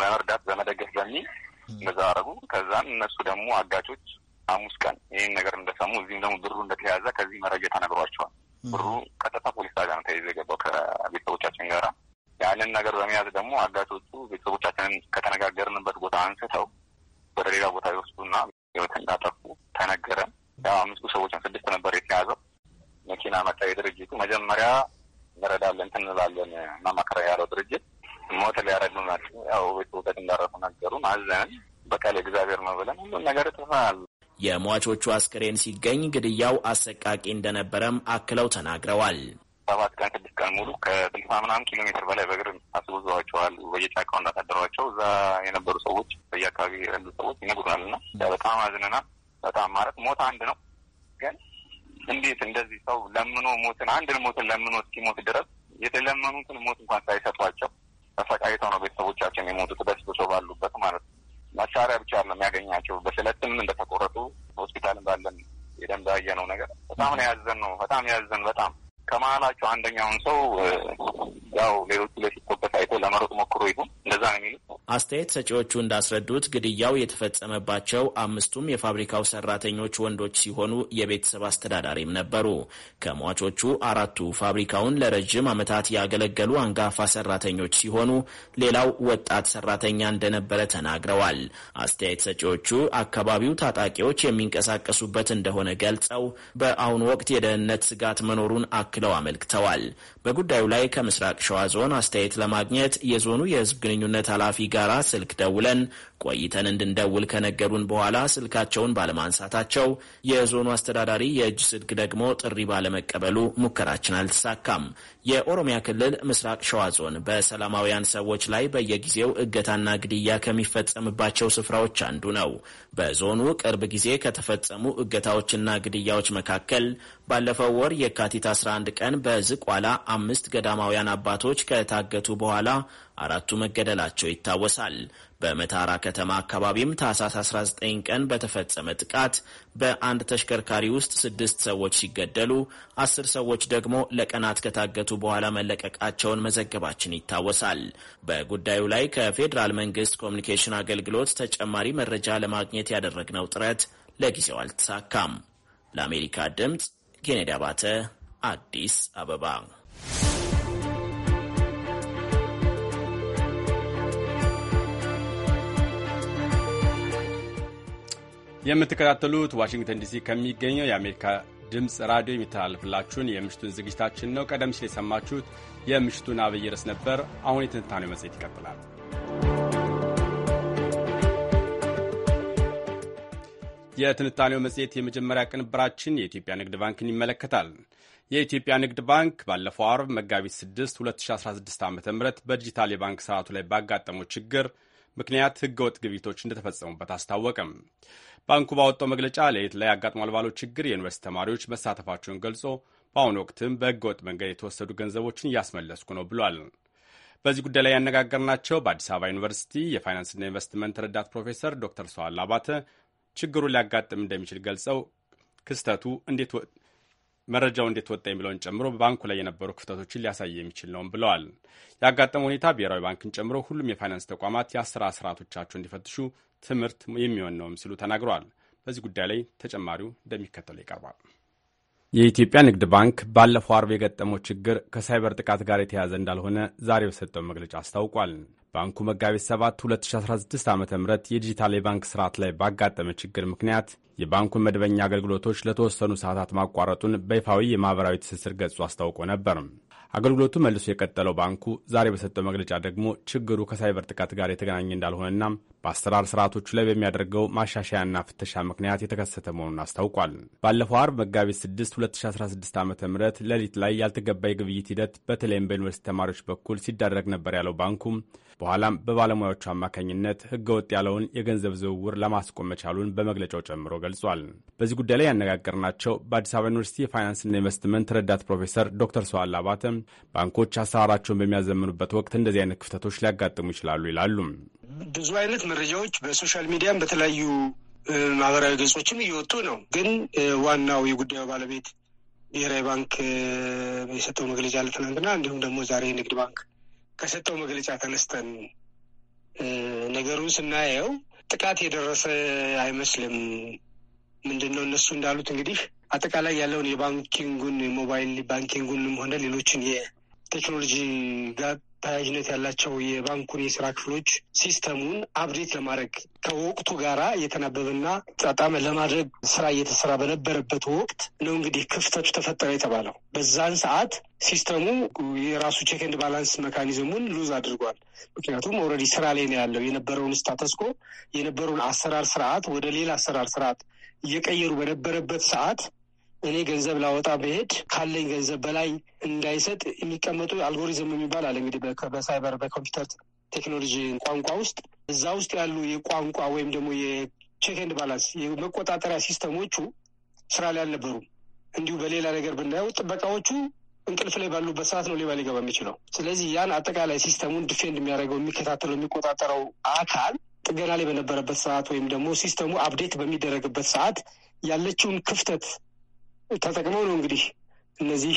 በመርዳት በመደገፍ በሚል እንደዛ አረጉ። ከዛም እነሱ ደግሞ አጋቾች ሐሙስ ቀን ይህን ነገር እንደሰሙ እዚህም ደግሞ ብሩ እንደተያዘ ከዚህ መረጃ ተነግሯቸዋል። ብሩ ቀጥታ ፖሊስ ጣቢያ ነው ተይዞ የገባው ከቤተሰቦቻችን ጋር። ያንን ነገር በመያዝ ደግሞ አጋቾቹ ቤተሰቦቻችንን ከተነጋገርንበት ቦታ አንስተው ወደ ሌላ ቦታ ይወስዱና ህይወት እንዳጠፉ ተነገረን። ያው አምስቱ ሰዎችን ስድስት ነበር የተያዘው። መኪና መጣ። የድርጅቱ መጀመሪያ እንረዳለን ትንላለን እንላለን ያለው ድርጅት ሞት ሊያረጉ ያው ቤት ውጠት እንዳረፉ ነገሩን። አዘንን በቃል እግዚአብሔር ነው ብለን ሁሉን ነገር ትፋል። የሟቾቹ አስክሬን ሲገኝ ግድያው አሰቃቂ እንደነበረም አክለው ተናግረዋል። ሰባት ቀን ስድስት ቀን ሙሉ ከስልሳ ምናምን ኪሎ ሜትር በላይ በእግር አስጉዘዋቸዋል። በየጫካው እንዳሳደሯቸው እዛ የነበሩ ሰዎች በየአካባቢ ያሉ ሰዎች ይነግሩናል። እና በጣም አዝነናል። በጣም ማለት ሞት አንድ ነው፣ ግን እንዴት እንደዚህ ሰው ለምኖ ሞትን አንድን ሞትን ለምኖ እስኪሞት ድረስ የተለመኑትን ሞት እንኳን ሳይሰጧቸው ተሰቃይተው ነው ቤተሰቦቻችን የሞቱት በስብሶ ባሉበት ማለት ነው። መሳሪያ ብቻ ነው የሚያገኛቸው። በስለትም እንደተቆረጡ ሆስፒታልም ባለን የደንብ ያየነው ነገር በጣም ነው ያዘን ነው በጣም ያዘን በጣም ከመሀላቸው አንደኛውን ሰው ያው ሌሎቹ አስተያየት ሰጪዎቹ እንዳስረዱት ግድያው የተፈጸመባቸው አምስቱም የፋብሪካው ሰራተኞች ወንዶች ሲሆኑ የቤተሰብ አስተዳዳሪም ነበሩ። ከሟቾቹ አራቱ ፋብሪካውን ለረዥም ዓመታት ያገለገሉ አንጋፋ ሰራተኞች ሲሆኑ ሌላው ወጣት ሰራተኛ እንደነበረ ተናግረዋል። አስተያየት ሰጪዎቹ አካባቢው ታጣቂዎች የሚንቀሳቀሱበት እንደሆነ ገልጸው በአሁኑ ወቅት የደህንነት ስጋት መኖሩን አክለው አመልክተዋል። በጉዳዩ ላይ ከምስራቅ ሸዋ ዞን አስተያየት ለማግኘት የዞኑ የህዝብ ግንኙነት ኃላፊ ጋር ጋር ስልክ ደውለን ቆይተን እንድንደውል ከነገሩን በኋላ ስልካቸውን ባለማንሳታቸው የዞኑ አስተዳዳሪ የእጅ ስልክ ደግሞ ጥሪ ባለመቀበሉ ሙከራችን አልተሳካም። የኦሮሚያ ክልል ምስራቅ ሸዋ ዞን በሰላማውያን ሰዎች ላይ በየጊዜው እገታና ግድያ ከሚፈጸምባቸው ስፍራዎች አንዱ ነው። በዞኑ ቅርብ ጊዜ ከተፈጸሙ እገታዎችና ግድያዎች መካከል ባለፈው ወር የካቲት 11 ቀን በዝቋላ አምስት ገዳማውያን አባቶች ከታገቱ በኋላ አራቱ መገደላቸው ይታወሳል። በመታራ ከተማ አካባቢም ታህሳስ 19 ቀን በተፈጸመ ጥቃት በአንድ ተሽከርካሪ ውስጥ ስድስት ሰዎች ሲገደሉ አስር ሰዎች ደግሞ ለቀናት ከታገቱ በኋላ መለቀቃቸውን መዘገባችን ይታወሳል። በጉዳዩ ላይ ከፌዴራል መንግስት ኮሚኒኬሽን አገልግሎት ተጨማሪ መረጃ ለማግኘት ያደረግነው ጥረት ለጊዜው አልተሳካም። ለአሜሪካ ድምፅ ኬኔዲ አባተ አዲስ አበባ የምትከታተሉት ዋሽንግተን ዲሲ ከሚገኘው የአሜሪካ ድምፅ ራዲዮ የሚተላለፍላችሁን የምሽቱን ዝግጅታችን ነው። ቀደም ሲል የሰማችሁት የምሽቱን አብይ ርዕስ ነበር። አሁን የትንታኔው መጽሔት ይቀጥላል። የትንታኔው መጽሔት የመጀመሪያ ቅንብራችን የኢትዮጵያ ንግድ ባንክን ይመለከታል። የኢትዮጵያ ንግድ ባንክ ባለፈው አርብ መጋቢት 6 2016 ዓ ም በዲጂታል የባንክ ስርዓቱ ላይ ባጋጠመው ችግር ምክንያት ህገወጥ ግብይቶች እንደተፈጸሙበት አስታወቀም። ባንኩ ባወጣው መግለጫ ለየት ላይ አጋጥሟል ባለው ችግር የዩኒቨርስቲ ተማሪዎች መሳተፋቸውን ገልጾ በአሁኑ ወቅትም በህገወጥ መንገድ የተወሰዱ ገንዘቦችን እያስመለስኩ ነው ብሏል። በዚህ ጉዳይ ላይ ያነጋገርናቸው በአዲስ አበባ ዩኒቨርሲቲ የፋይናንስና ኢንቨስትመንት ረዳት ፕሮፌሰር ዶክተር ሰዋል አባተ ችግሩን ሊያጋጥም እንደሚችል ገልጸው ክስተቱ እንዴት መረጃው እንዴት ወጣ የሚለውን ጨምሮ በባንኩ ላይ የነበሩ ክፍተቶችን ሊያሳይ የሚችል ነውም ብለዋል። ያጋጠመው ሁኔታ ብሔራዊ ባንክን ጨምሮ ሁሉም የፋይናንስ ተቋማት የአሰራር ስርዓቶቻቸው እንዲፈትሹ ትምህርት የሚሆን ነውም ሲሉ ተናግረዋል። በዚህ ጉዳይ ላይ ተጨማሪው እንደሚከተለው ይቀርባል። የኢትዮጵያ ንግድ ባንክ ባለፈው አርብ የገጠመው ችግር ከሳይበር ጥቃት ጋር የተያያዘ እንዳልሆነ ዛሬ በሰጠው መግለጫ አስታውቋል። ባንኩ መጋቢት 7 2016 ዓ ም የዲጂታል የባንክ ስርዓት ላይ ባጋጠመ ችግር ምክንያት የባንኩን መደበኛ አገልግሎቶች ለተወሰኑ ሰዓታት ማቋረጡን በይፋዊ የማኅበራዊ ትስስር ገጹ አስታውቆ ነበር። አገልግሎቱ መልሶ የቀጠለው ባንኩ ዛሬ በሰጠው መግለጫ ደግሞ ችግሩ ከሳይበር ጥቃት ጋር የተገናኘ እንዳልሆነና በአሰራር ስርዓቶቹ ላይ በሚያደርገው ማሻሻያና ፍተሻ ምክንያት የተከሰተ መሆኑን አስታውቋል። ባለፈው አርብ መጋቢት 6 2016 ዓ ም ሌሊት ላይ ያልተገባ የግብይት ሂደት በተለይም በዩኒቨርሲቲ ተማሪዎች በኩል ሲደረግ ነበር ያለው ባንኩ በኋላም በባለሙያዎቹ አማካኝነት ህገወጥ ያለውን የገንዘብ ዝውውር ለማስቆም መቻሉን በመግለጫው ጨምሮ ገልጿል። በዚህ ጉዳይ ላይ ያነጋገርናቸው በአዲስ አበባ ዩኒቨርሲቲ የፋይናንስና ኢንቨስትመንት ረዳት ፕሮፌሰር ዶክተር ሰዋል አባተ ባንኮች አሰራራቸውን በሚያዘምኑበት ወቅት እንደዚህ አይነት ክፍተቶች ሊያጋጥሙ ይችላሉ ይላሉ። ብዙ አይነት መረጃዎች በሶሻል ሚዲያም በተለያዩ ማህበራዊ ገጾችም እየወጡ ነው። ግን ዋናው የጉዳዩ ባለቤት ብሔራዊ ባንክ የሰጠው መግለጫ ለትናንትና እንዲሁም ደግሞ ዛሬ ንግድ ባንክ ከሰጠው መግለጫ ተነስተን ነገሩን ስናየው ጥቃት የደረሰ አይመስልም። ምንድን ነው እነሱ እንዳሉት እንግዲህ አጠቃላይ ያለውን የባንኪንጉን ሞባይል ባንኪንጉንም ሆነ ሌሎችን የቴክኖሎጂ ጋር ተያያዥነት ያላቸው የባንኩን የስራ ክፍሎች ሲስተሙን አብዴት ለማድረግ ከወቅቱ ጋራ የተናበበና ጣጣመ ለማድረግ ስራ እየተሰራ በነበረበት ወቅት ነው እንግዲህ ክፍተቱ ተፈጠረ የተባለው። በዛን ሰዓት ሲስተሙ የራሱ ቼክ ኤንድ ባላንስ መካኒዝሙን ሉዝ አድርጓል። ምክንያቱም ኦልሬዲ ስራ ላይ ነው ያለው። የነበረውን ስታተስኮ የነበረውን አሰራር ስርዓት ወደ ሌላ አሰራር ስርዓት እየቀየሩ በነበረበት ሰዓት እኔ ገንዘብ ላወጣ ብሄድ ካለኝ ገንዘብ በላይ እንዳይሰጥ የሚቀመጡ አልጎሪዝም የሚባል አለ እንግዲህ በሳይበር በኮምፒውተር ቴክኖሎጂ ቋንቋ ውስጥ እዛ ውስጥ ያሉ የቋንቋ ወይም ደግሞ የቼክንድ ባላንስ የመቆጣጠሪያ ሲስተሞቹ ስራ ላይ አልነበሩም። እንዲሁ በሌላ ነገር ብናየው ጥበቃዎቹ እንቅልፍ ላይ ባሉበት ሰዓት ነው ሌባ ሊገባ የሚችለው። ስለዚህ ያን አጠቃላይ ሲስተሙን ዲፌንድ የሚያደርገው የሚከታተለው፣ የሚቆጣጠረው አካል ጥገና ላይ በነበረበት ሰዓት ወይም ደግሞ ሲስተሙ አፕዴት በሚደረግበት ሰዓት ያለችውን ክፍተት ተጠቅመው ነው እንግዲህ እነዚህ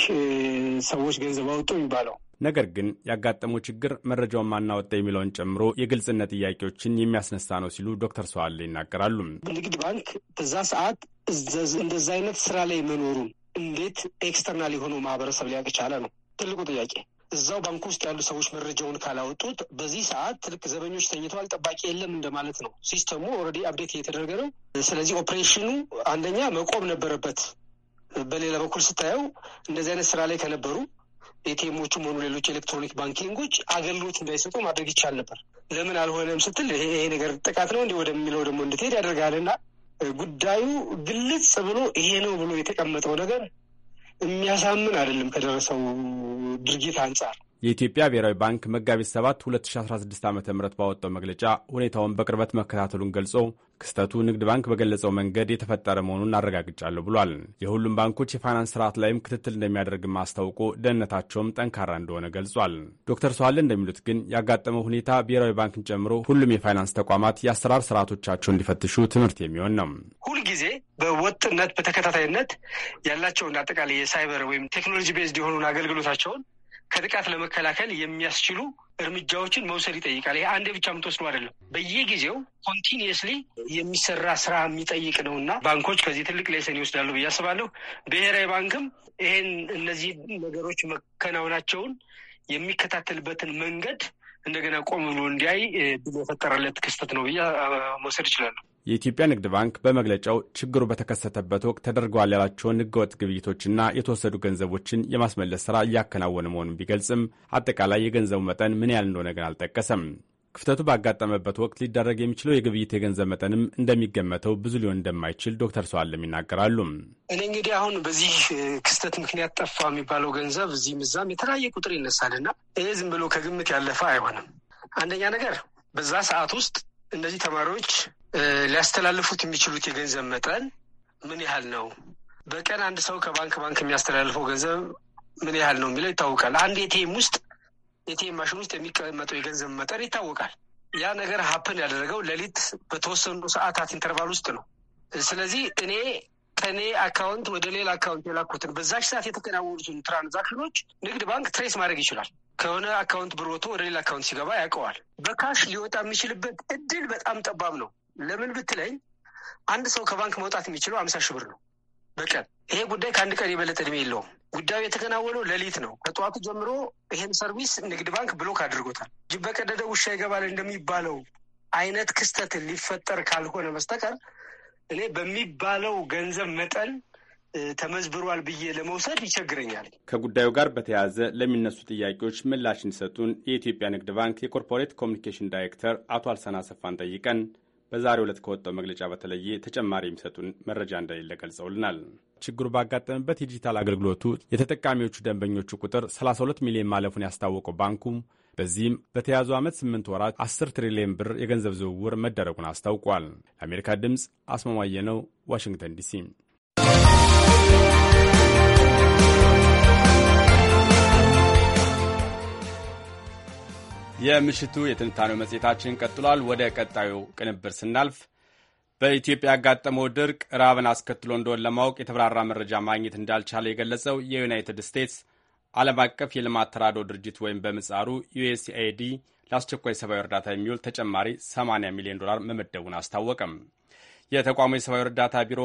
ሰዎች ገንዘብ አወጡ የሚባለው። ነገር ግን ያጋጠመው ችግር መረጃውን ማናወጣ የሚለውን ጨምሮ የግልጽነት ጥያቄዎችን የሚያስነሳ ነው ሲሉ ዶክተር ሰዋለ ይናገራሉ። ንግድ ባንክ በዛ ሰዓት እንደዛ አይነት ስራ ላይ መኖሩን እንዴት ኤክስተርናል የሆነው ማህበረሰብ ሊያውቅ ቻለ ነው ትልቁ ጥያቄ። እዛው ባንክ ውስጥ ያሉ ሰዎች መረጃውን ካላወጡት በዚህ ሰዓት ትልቅ ዘበኞች ተኝተዋል፣ ጠባቂ የለም እንደማለት ነው። ሲስተሙ ኦልሬዲ አፕዴት እየተደረገ ነው። ስለዚህ ኦፕሬሽኑ አንደኛ መቆም ነበረበት። በሌላ በኩል ስታየው እንደዚህ አይነት ስራ ላይ ከነበሩ ኤቲኤሞቹም ሆኑ ሌሎች ኤሌክትሮኒክ ባንኪንጎች አገልግሎት እንዳይሰጡ ማድረግ ይቻል ነበር። ለምን አልሆነም ስትል ይሄ ነገር ጥቃት ነው እንዲህ ወደሚለው ደግሞ እንድትሄድ ያደርጋልና ጉዳዩ ግልጽ ብሎ ይሄ ነው ብሎ የተቀመጠው ነገር የሚያሳምን አይደለም ከደረሰው ድርጊት አንጻር የኢትዮጵያ ብሔራዊ ባንክ መጋቢት 7 2016 ዓ ም ባወጣው መግለጫ ሁኔታውን በቅርበት መከታተሉን ገልጾ ክስተቱ ንግድ ባንክ በገለጸው መንገድ የተፈጠረ መሆኑን አረጋግጫለሁ ብሏል። የሁሉም ባንኮች የፋይናንስ ስርዓት ላይም ክትትል እንደሚያደርግም አስታውቆ ደህንነታቸውም ጠንካራ እንደሆነ ገልጿል። ዶክተር ሰዋለ እንደሚሉት ግን ያጋጠመው ሁኔታ ብሔራዊ ባንክን ጨምሮ ሁሉም የፋይናንስ ተቋማት የአሰራር ስርዓቶቻቸውን እንዲፈትሹ ትምህርት የሚሆን ነው። ሁልጊዜ በወጥነት በተከታታይነት ያላቸውን አጠቃላይ የሳይበር ወይም ቴክኖሎጂ ቤዝድ የሆኑን አገልግሎታቸውን ከጥቃት ለመከላከል የሚያስችሉ እርምጃዎችን መውሰድ ይጠይቃል። ይሄ አንዴ ብቻ የምትወስደው አይደለም። በየጊዜው ኮንቲኒየስሊ የሚሰራ ስራ የሚጠይቅ ነው እና ባንኮች ከዚህ ትልቅ ሌሰን ይወስዳሉ ብዬ አስባለሁ። ብሔራዊ ባንክም ይሄን እነዚህ ነገሮች መከናወናቸውን የሚከታተልበትን መንገድ እንደገና ቆም ብሎ እንዲያይ ብሎ የፈጠረለት ክስተት ነው ብዬ መውሰድ ይችላሉ። የኢትዮጵያ ንግድ ባንክ በመግለጫው ችግሩ በተከሰተበት ወቅት ተደርገዋል ያላቸውን ህገወጥ ግብይቶችና የተወሰዱ ገንዘቦችን የማስመለስ ሥራ እያከናወነ መሆኑን ቢገልጽም አጠቃላይ የገንዘቡ መጠን ምን ያህል እንደሆነ ግን አልጠቀሰም። ክፍተቱ ባጋጠመበት ወቅት ሊደረግ የሚችለው የግብይት የገንዘብ መጠንም እንደሚገመተው ብዙ ሊሆን እንደማይችል ዶክተር ሰዋለም ይናገራሉ። እኔ እንግዲህ አሁን በዚህ ክስተት ምክንያት ጠፋ የሚባለው ገንዘብ እዚህም እዛም የተለያየ ቁጥር ይነሳልና ይህ ዝም ብሎ ከግምት ያለፈ አይሆንም። አንደኛ ነገር በዛ ሰዓት ውስጥ እነዚህ ተማሪዎች ሊያስተላልፉት የሚችሉት የገንዘብ መጠን ምን ያህል ነው? በቀን አንድ ሰው ከባንክ ባንክ የሚያስተላልፈው ገንዘብ ምን ያህል ነው የሚለው ይታወቃል። አንድ ኤቲኤም ውስጥ ኤቲኤም ማሽን ውስጥ የሚቀመጠው የገንዘብ መጠን ይታወቃል። ያ ነገር ሀፕን ያደረገው ሌሊት በተወሰኑ ሰዓታት ኢንተርቫል ውስጥ ነው። ስለዚህ እኔ ከእኔ አካውንት ወደ ሌላ አካውንት የላኩትን በዛች ሰዓት የተከናወኑትን ትራንዛክሽኖች ንግድ ባንክ ትሬስ ማድረግ ይችላል። ከሆነ አካውንት ብር ወጥቶ ወደ ሌላ አካውንት ሲገባ ያውቀዋል። በካሽ ሊወጣ የሚችልበት እድል በጣም ጠባብ ነው። ለምን ብትለኝ አንድ ሰው ከባንክ መውጣት የሚችለው አምሳ ሺህ ብር ነው በቀን። ይሄ ጉዳይ ከአንድ ቀን የበለጠ እድሜ የለውም። ጉዳዩ የተከናወነው ሌሊት ነው። ከጠዋቱ ጀምሮ ይሄን ሰርቪስ ንግድ ባንክ ብሎክ አድርጎታል። ጅብ በቀደደ ውሻ ይገባል እንደሚባለው አይነት ክስተት ሊፈጠር ካልሆነ በስተቀር እኔ በሚባለው ገንዘብ መጠን ተመዝብሯል ብዬ ለመውሰድ ይቸግረኛል። ከጉዳዩ ጋር በተያያዘ ለሚነሱ ጥያቄዎች ምላሽ እንዲሰጡን የኢትዮጵያ ንግድ ባንክ የኮርፖሬት ኮሚኒኬሽን ዳይሬክተር አቶ አልሰና ሰፋን ጠይቀን በዛሬው ዕለት ከወጣው መግለጫ በተለየ ተጨማሪ የሚሰጡን መረጃ እንደሌለ ገልጸውልናል። ችግሩ ባጋጠመበት የዲጂታል አገልግሎቱ የተጠቃሚዎቹ ደንበኞቹ ቁጥር 32 ሚሊዮን ማለፉን ያስታወቀው ባንኩም በዚህም በተያዙ ዓመት 8 ወራት 10 ትሪሊዮን ብር የገንዘብ ዝውውር መደረጉን አስታውቋል። ለአሜሪካ ድምፅ አስማማየ ነው፣ ዋሽንግተን ዲሲ የምሽቱ የትንታኔው መጽሔታችን ቀጥሏል። ወደ ቀጣዩ ቅንብር ስናልፍ በኢትዮጵያ ያጋጠመው ድርቅ ራብን አስከትሎ እንደሆን ለማወቅ የተብራራ መረጃ ማግኘት እንዳልቻለ የገለጸው የዩናይትድ ስቴትስ ዓለም አቀፍ የልማት ተራድኦ ድርጅት ወይም በምጻሩ ዩኤስኤአይዲ ለአስቸኳይ ሰብአዊ እርዳታ የሚውል ተጨማሪ 80 ሚሊዮን ዶላር መመደቡን አስታወቀም። የተቋሙ የሰብአዊ እርዳታ ቢሮ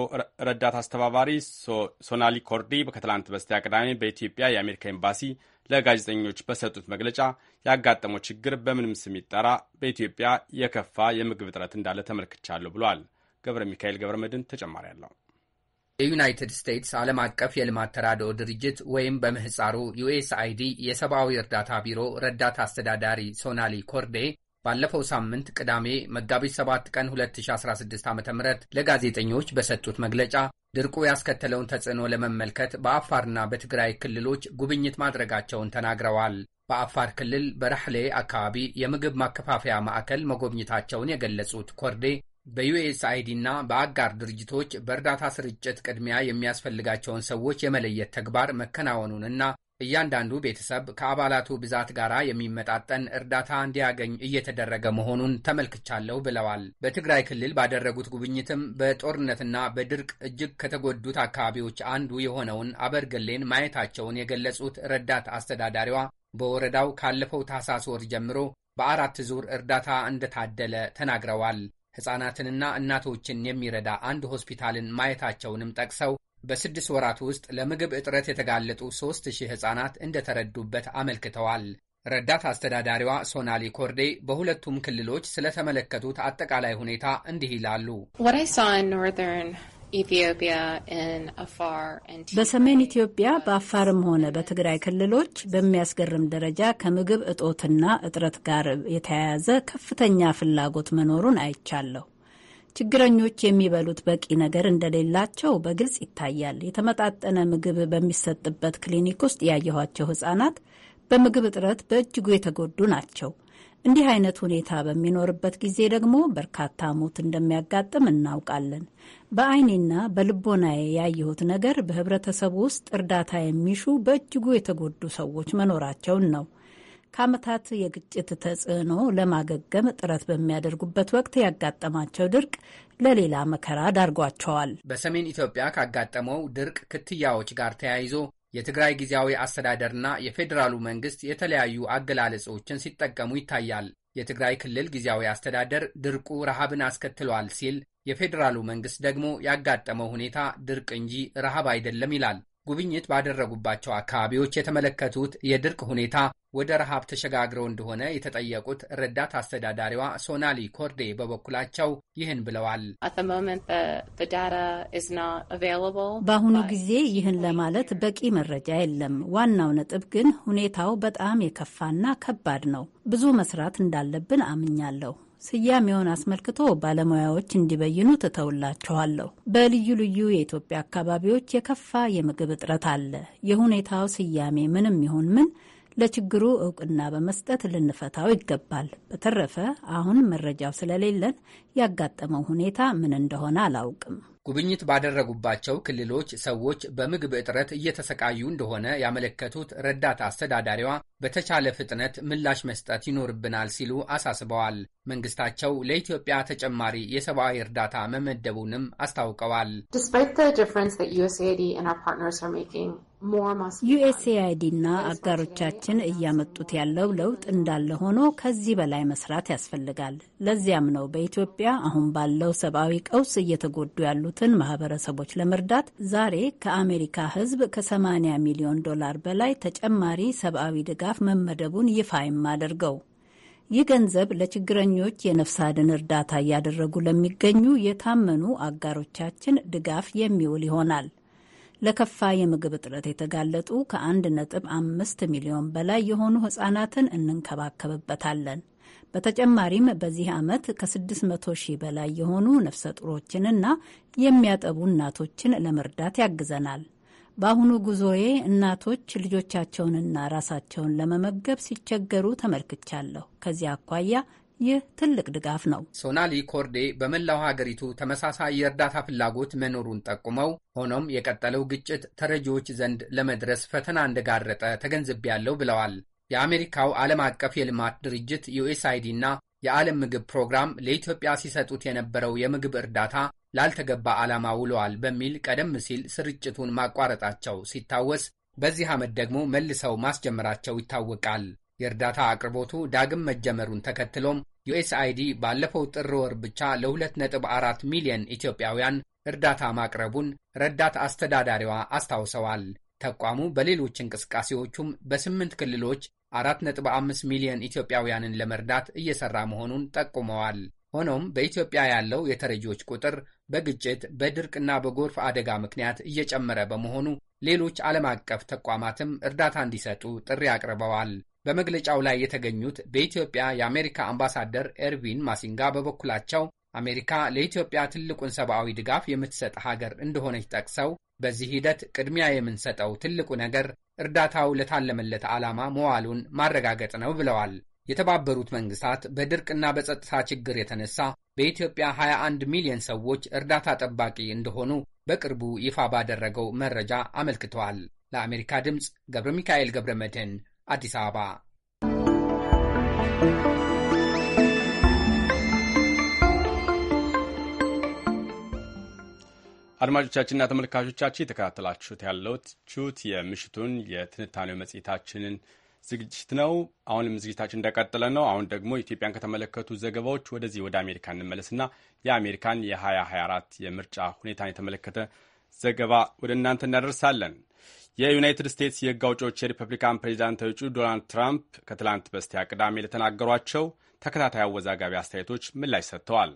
ረዳት አስተባባሪ ሶናሊ ኮርዲ ከትላንት በስቲያ ቅዳሜ በኢትዮጵያ የአሜሪካ ኤምባሲ ለጋዜጠኞች በሰጡት መግለጫ ያጋጠመው ችግር በምንም ስም ይጠራ በኢትዮጵያ የከፋ የምግብ እጥረት እንዳለ ተመልክቻለሁ ብሏል። ገብረ ሚካኤል ገብረ መድን ተጨማሪ አለው። የዩናይትድ ስቴትስ ዓለም አቀፍ የልማት ተራድኦ ድርጅት ወይም በምህፃሩ ዩኤስአይዲ የሰብአዊ እርዳታ ቢሮ ረዳት አስተዳዳሪ ሶናሊ ኮርዴ ባለፈው ሳምንት ቅዳሜ መጋቢት 7 ቀን 2016 ዓ ም ለጋዜጠኞች በሰጡት መግለጫ ድርቁ ያስከተለውን ተጽዕኖ ለመመልከት በአፋርና በትግራይ ክልሎች ጉብኝት ማድረጋቸውን ተናግረዋል። በአፋር ክልል በራሕሌ አካባቢ የምግብ ማከፋፈያ ማዕከል መጎብኘታቸውን የገለጹት ኮርዴ በዩኤስአይዲ እና በአጋር ድርጅቶች በእርዳታ ስርጭት ቅድሚያ የሚያስፈልጋቸውን ሰዎች የመለየት ተግባር መከናወኑንና እያንዳንዱ ቤተሰብ ከአባላቱ ብዛት ጋር የሚመጣጠን እርዳታ እንዲያገኝ እየተደረገ መሆኑን ተመልክቻለሁ ብለዋል። በትግራይ ክልል ባደረጉት ጉብኝትም በጦርነትና በድርቅ እጅግ ከተጎዱት አካባቢዎች አንዱ የሆነውን አበርገሌን ማየታቸውን የገለጹት ረዳት አስተዳዳሪዋ በወረዳው ካለፈው ታህሳስ ወር ጀምሮ በአራት ዙር እርዳታ እንደታደለ ተናግረዋል። ሕፃናትንና እናቶችን የሚረዳ አንድ ሆስፒታልን ማየታቸውንም ጠቅሰው በስድስት ወራት ውስጥ ለምግብ እጥረት የተጋለጡ ሦስት ሺህ ሕፃናት እንደተረዱበት አመልክተዋል። ረዳት አስተዳዳሪዋ ሶናሊ ኮርዴ በሁለቱም ክልሎች ስለተመለከቱት አጠቃላይ ሁኔታ እንዲህ ይላሉ። በሰሜን ኢትዮጵያ በአፋርም ሆነ በትግራይ ክልሎች በሚያስገርም ደረጃ ከምግብ እጦትና እጥረት ጋር የተያያዘ ከፍተኛ ፍላጎት መኖሩን አይቻለሁ። ችግረኞች የሚበሉት በቂ ነገር እንደሌላቸው በግልጽ ይታያል። የተመጣጠነ ምግብ በሚሰጥበት ክሊኒክ ውስጥ ያየኋቸው ህጻናት በምግብ እጥረት በእጅጉ የተጎዱ ናቸው። እንዲህ አይነት ሁኔታ በሚኖርበት ጊዜ ደግሞ በርካታ ሞት እንደሚያጋጥም እናውቃለን። በአይኔና በልቦናዬ ያየሁት ነገር በህብረተሰቡ ውስጥ እርዳታ የሚሹ በእጅጉ የተጎዱ ሰዎች መኖራቸውን ነው። ከዓመታት የግጭት ተጽዕኖ ለማገገም ጥረት በሚያደርጉበት ወቅት ያጋጠማቸው ድርቅ ለሌላ መከራ ዳርጓቸዋል። በሰሜን ኢትዮጵያ ካጋጠመው ድርቅ ክትያዎች ጋር ተያይዞ የትግራይ ጊዜያዊ አስተዳደርና የፌዴራሉ መንግስት የተለያዩ አገላለጾችን ሲጠቀሙ ይታያል። የትግራይ ክልል ጊዜያዊ አስተዳደር ድርቁ ረሃብን አስከትሏል ሲል፣ የፌዴራሉ መንግስት ደግሞ ያጋጠመው ሁኔታ ድርቅ እንጂ ረሃብ አይደለም ይላል። ጉብኝት ባደረጉባቸው አካባቢዎች የተመለከቱት የድርቅ ሁኔታ ወደ ረሃብ ተሸጋግረው እንደሆነ የተጠየቁት ረዳት አስተዳዳሪዋ ሶናሊ ኮርዴ በበኩላቸው ይህን ብለዋል። በአሁኑ ጊዜ ይህን ለማለት በቂ መረጃ የለም። ዋናው ነጥብ ግን ሁኔታው በጣም የከፋና ከባድ ነው። ብዙ መስራት እንዳለብን አምኛለሁ። ስያሜውን አስመልክቶ ባለሙያዎች እንዲበይኑ ትተውላችኋለሁ። በልዩ ልዩ የኢትዮጵያ አካባቢዎች የከፋ የምግብ እጥረት አለ። የሁኔታው ስያሜ ምንም ይሁን ምን ለችግሩ እውቅና በመስጠት ልንፈታው ይገባል። በተረፈ አሁን መረጃው ስለሌለን ያጋጠመው ሁኔታ ምን እንደሆነ አላውቅም። ጉብኝት ባደረጉባቸው ክልሎች ሰዎች በምግብ እጥረት እየተሰቃዩ እንደሆነ ያመለከቱት ረዳት አስተዳዳሪዋ በተቻለ ፍጥነት ምላሽ መስጠት ይኖርብናል ሲሉ አሳስበዋል። መንግስታቸው ለኢትዮጵያ ተጨማሪ የሰብአዊ እርዳታ መመደቡንም አስታውቀዋል። ዩኤስኤአይዲና አጋሮቻችን እያመጡት ያለው ለውጥ እንዳለ ሆኖ ከዚህ በላይ መስራት ያስፈልጋል። ለዚያም ነው በኢትዮጵያ አሁን ባለው ሰብአዊ ቀውስ እየተጎዱ ያሉትን ማህበረሰቦች ለመርዳት ዛሬ ከአሜሪካ ሕዝብ ከ80 ሚሊዮን ዶላር በላይ ተጨማሪ ሰብአዊ ድጋፍ መመደቡን ይፋ የማደርገው። ይህ ገንዘብ ለችግረኞች የነፍስ አድን እርዳታ እያደረጉ ለሚገኙ የታመኑ አጋሮቻችን ድጋፍ የሚውል ይሆናል። ለከፋ የምግብ እጥረት የተጋለጡ ከአንድ ነጥብ አምስት ሚሊዮን በላይ የሆኑ ህጻናትን እንንከባከብበታለን። በተጨማሪም በዚህ ዓመት ከ600 ሺህ በላይ የሆኑ ነፍሰ ጡሮችንና የሚያጠቡ እናቶችን ለመርዳት ያግዘናል። በአሁኑ ጉዞዬ እናቶች ልጆቻቸውንና ራሳቸውን ለመመገብ ሲቸገሩ ተመልክቻለሁ። ከዚያ አኳያ ይህ ትልቅ ድጋፍ ነው። ሶናሊ ኮርዴ በመላው ሀገሪቱ ተመሳሳይ የእርዳታ ፍላጎት መኖሩን ጠቁመው፣ ሆኖም የቀጠለው ግጭት ተረጂዎች ዘንድ ለመድረስ ፈተና እንደጋረጠ ተገንዝቤያለሁ ብለዋል። የአሜሪካው ዓለም አቀፍ የልማት ድርጅት ዩኤስአይዲ እና የዓለም ምግብ ፕሮግራም ለኢትዮጵያ ሲሰጡት የነበረው የምግብ እርዳታ ላልተገባ ዓላማ ውለዋል በሚል ቀደም ሲል ስርጭቱን ማቋረጣቸው ሲታወስ፣ በዚህ ዓመት ደግሞ መልሰው ማስጀመራቸው ይታወቃል። የእርዳታ አቅርቦቱ ዳግም መጀመሩን ተከትሎም ዩኤስአይዲ ባለፈው ጥር ወር ብቻ ለ ነጥብ ሚሊዮን ኢትዮጵያውያን እርዳታ ማቅረቡን ረዳት አስተዳዳሪዋ አስታውሰዋል። ተቋሙ በሌሎች እንቅስቃሴዎቹም በስምንት ክልሎች 4.5 ሚሊዮን ኢትዮጵያውያንን ለመርዳት እየሰራ መሆኑን ጠቁመዋል። ሆኖም በኢትዮጵያ ያለው የተረጂዎች ቁጥር በግጭት በድርቅና በጎርፍ አደጋ ምክንያት እየጨመረ በመሆኑ ሌሎች ዓለም አቀፍ ተቋማትም እርዳታ እንዲሰጡ ጥሪ አቅርበዋል። በመግለጫው ላይ የተገኙት በኢትዮጵያ የአሜሪካ አምባሳደር ኤርቪን ማሲንጋ በበኩላቸው አሜሪካ ለኢትዮጵያ ትልቁን ሰብአዊ ድጋፍ የምትሰጥ ሀገር እንደሆነች ጠቅሰው በዚህ ሂደት ቅድሚያ የምንሰጠው ትልቁ ነገር እርዳታው ለታለመለት ዓላማ መዋሉን ማረጋገጥ ነው ብለዋል። የተባበሩት መንግስታት በድርቅና በጸጥታ ችግር የተነሳ በኢትዮጵያ 21 ሚሊዮን ሰዎች እርዳታ ጠባቂ እንደሆኑ በቅርቡ ይፋ ባደረገው መረጃ አመልክተዋል። ለአሜሪካ ድምፅ ገብረ ሚካኤል ገብረ መድህን አዲስ አበባ። አድማጮቻችንና ተመልካቾቻችን የተከታተላችሁት ያለችሁት የምሽቱን የትንታኔው መጽሔታችንን ዝግጅት ነው። አሁንም ዝግጅታችን እንደቀጠለ ነው። አሁን ደግሞ ኢትዮጵያን ከተመለከቱ ዘገባዎች ወደዚህ ወደ አሜሪካ እንመለስና የአሜሪካን የ2024 የምርጫ ሁኔታን የተመለከተ ዘገባ ወደ እናንተ እናደርሳለን። የዩናይትድ ስቴትስ የህግ አውጪዎች የሪፐብሊካን ፕሬዚዳንታዊ እጩ ዶናልድ ትራምፕ ከትላንት በስቲያ ቅዳሜ ለተናገሯቸው ተከታታይ አወዛጋቢ አስተያየቶች ምላሽ ሰጥተዋል።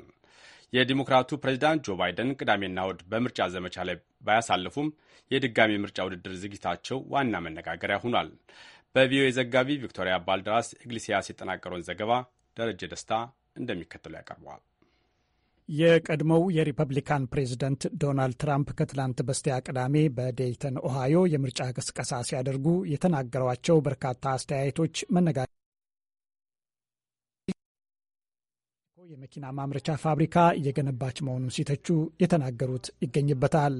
የዲሞክራቱ ፕሬዚዳንት ጆ ባይደን ቅዳሜና እሁድ በምርጫ ዘመቻ ላይ ባያሳልፉም የድጋሚ ምርጫ ውድድር ዝግጅታቸው ዋና መነጋገሪያ ሆኗል። በቪኦኤ ዘጋቢ ቪክቶሪያ ባልደራስ ኢግሊሲያስ የጠናቀረውን ዘገባ ደረጀ ደስታ እንደሚከተሉ ያቀርበዋል። የቀድሞው የሪፐብሊካን ፕሬዝደንት ዶናልድ ትራምፕ ከትላንት በስቲያ ቅዳሜ በዴይተን ኦሃዮ የምርጫ ቅስቀሳ ሲያደርጉ የተናገሯቸው በርካታ አስተያየቶች መነጋ የመኪና ማምረቻ ፋብሪካ እየገነባች መሆኑን ሲተቹ የተናገሩት ይገኝበታል።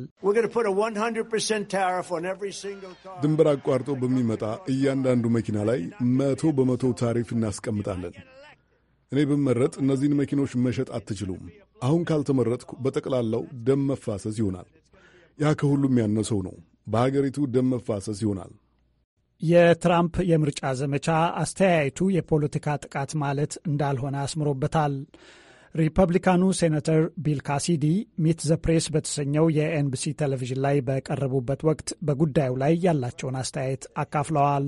ድንበር አቋርጦ በሚመጣ እያንዳንዱ መኪና ላይ መቶ በመቶ ታሪፍ እናስቀምጣለን። እኔ ብመረጥ እነዚህን መኪኖች መሸጥ አትችሉም አሁን ካልተመረጥኩ በጠቅላላው ደም መፋሰስ ይሆናል። ያ ከሁሉም ያነሰው ነው። በሀገሪቱ ደም መፋሰስ ይሆናል። የትራምፕ የምርጫ ዘመቻ አስተያየቱ የፖለቲካ ጥቃት ማለት እንዳልሆነ አስምሮበታል። ሪፐብሊካኑ ሴናተር ቢል ካሲዲ ሚት ዘ ፕሬስ በተሰኘው የኤንቢሲ ቴሌቪዥን ላይ በቀረቡበት ወቅት በጉዳዩ ላይ ያላቸውን አስተያየት አካፍለዋል።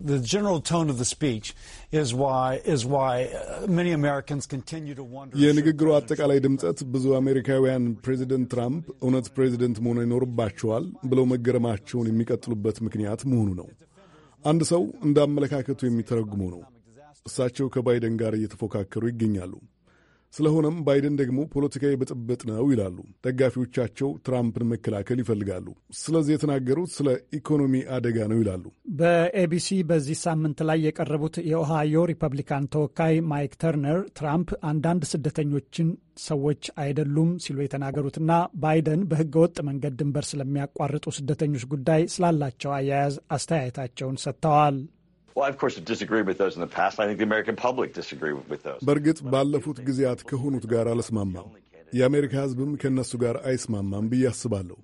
The general tone of the speech is why is why many Americans continue to wonder የንግግሩ አጠቃላይ ድምጸት ብዙ አሜሪካውያን ፕሬዚደንት ትራምፕ እውነት ፕሬዚደንት መሆኑ ይኖርባቸዋል ብለው መገረማቸውን የሚቀጥሉበት ምክንያት መሆኑ ነው። አንድ ሰው እንደ አመለካከቱ የሚተረጉመው ነው። እሳቸው ከባይደን ጋር እየተፎካከሩ ይገኛሉ። ስለሆነም ባይደን ደግሞ ፖለቲካዊ ብጥብጥ ነው ይላሉ። ደጋፊዎቻቸው ትራምፕን መከላከል ይፈልጋሉ። ስለዚህ የተናገሩት ስለ ኢኮኖሚ አደጋ ነው ይላሉ። በኤቢሲ በዚህ ሳምንት ላይ የቀረቡት የኦሃዮ ሪፐብሊካን ተወካይ ማይክ ተርነር ትራምፕ አንዳንድ ስደተኞችን ሰዎች አይደሉም ሲሉ የተናገሩትና ባይደን ወጥ መንገድ ድንበር ስለሚያቋርጡ ስደተኞች ጉዳይ ስላላቸው አያያዝ አስተያየታቸውን ሰጥተዋል። በእርግጥ ባለፉት ጊዜያት ከሆኑት ጋር አልስማማም። የአሜሪካ ሕዝብም ከእነሱ ጋር አይስማማም ብዬ አስባለሁ።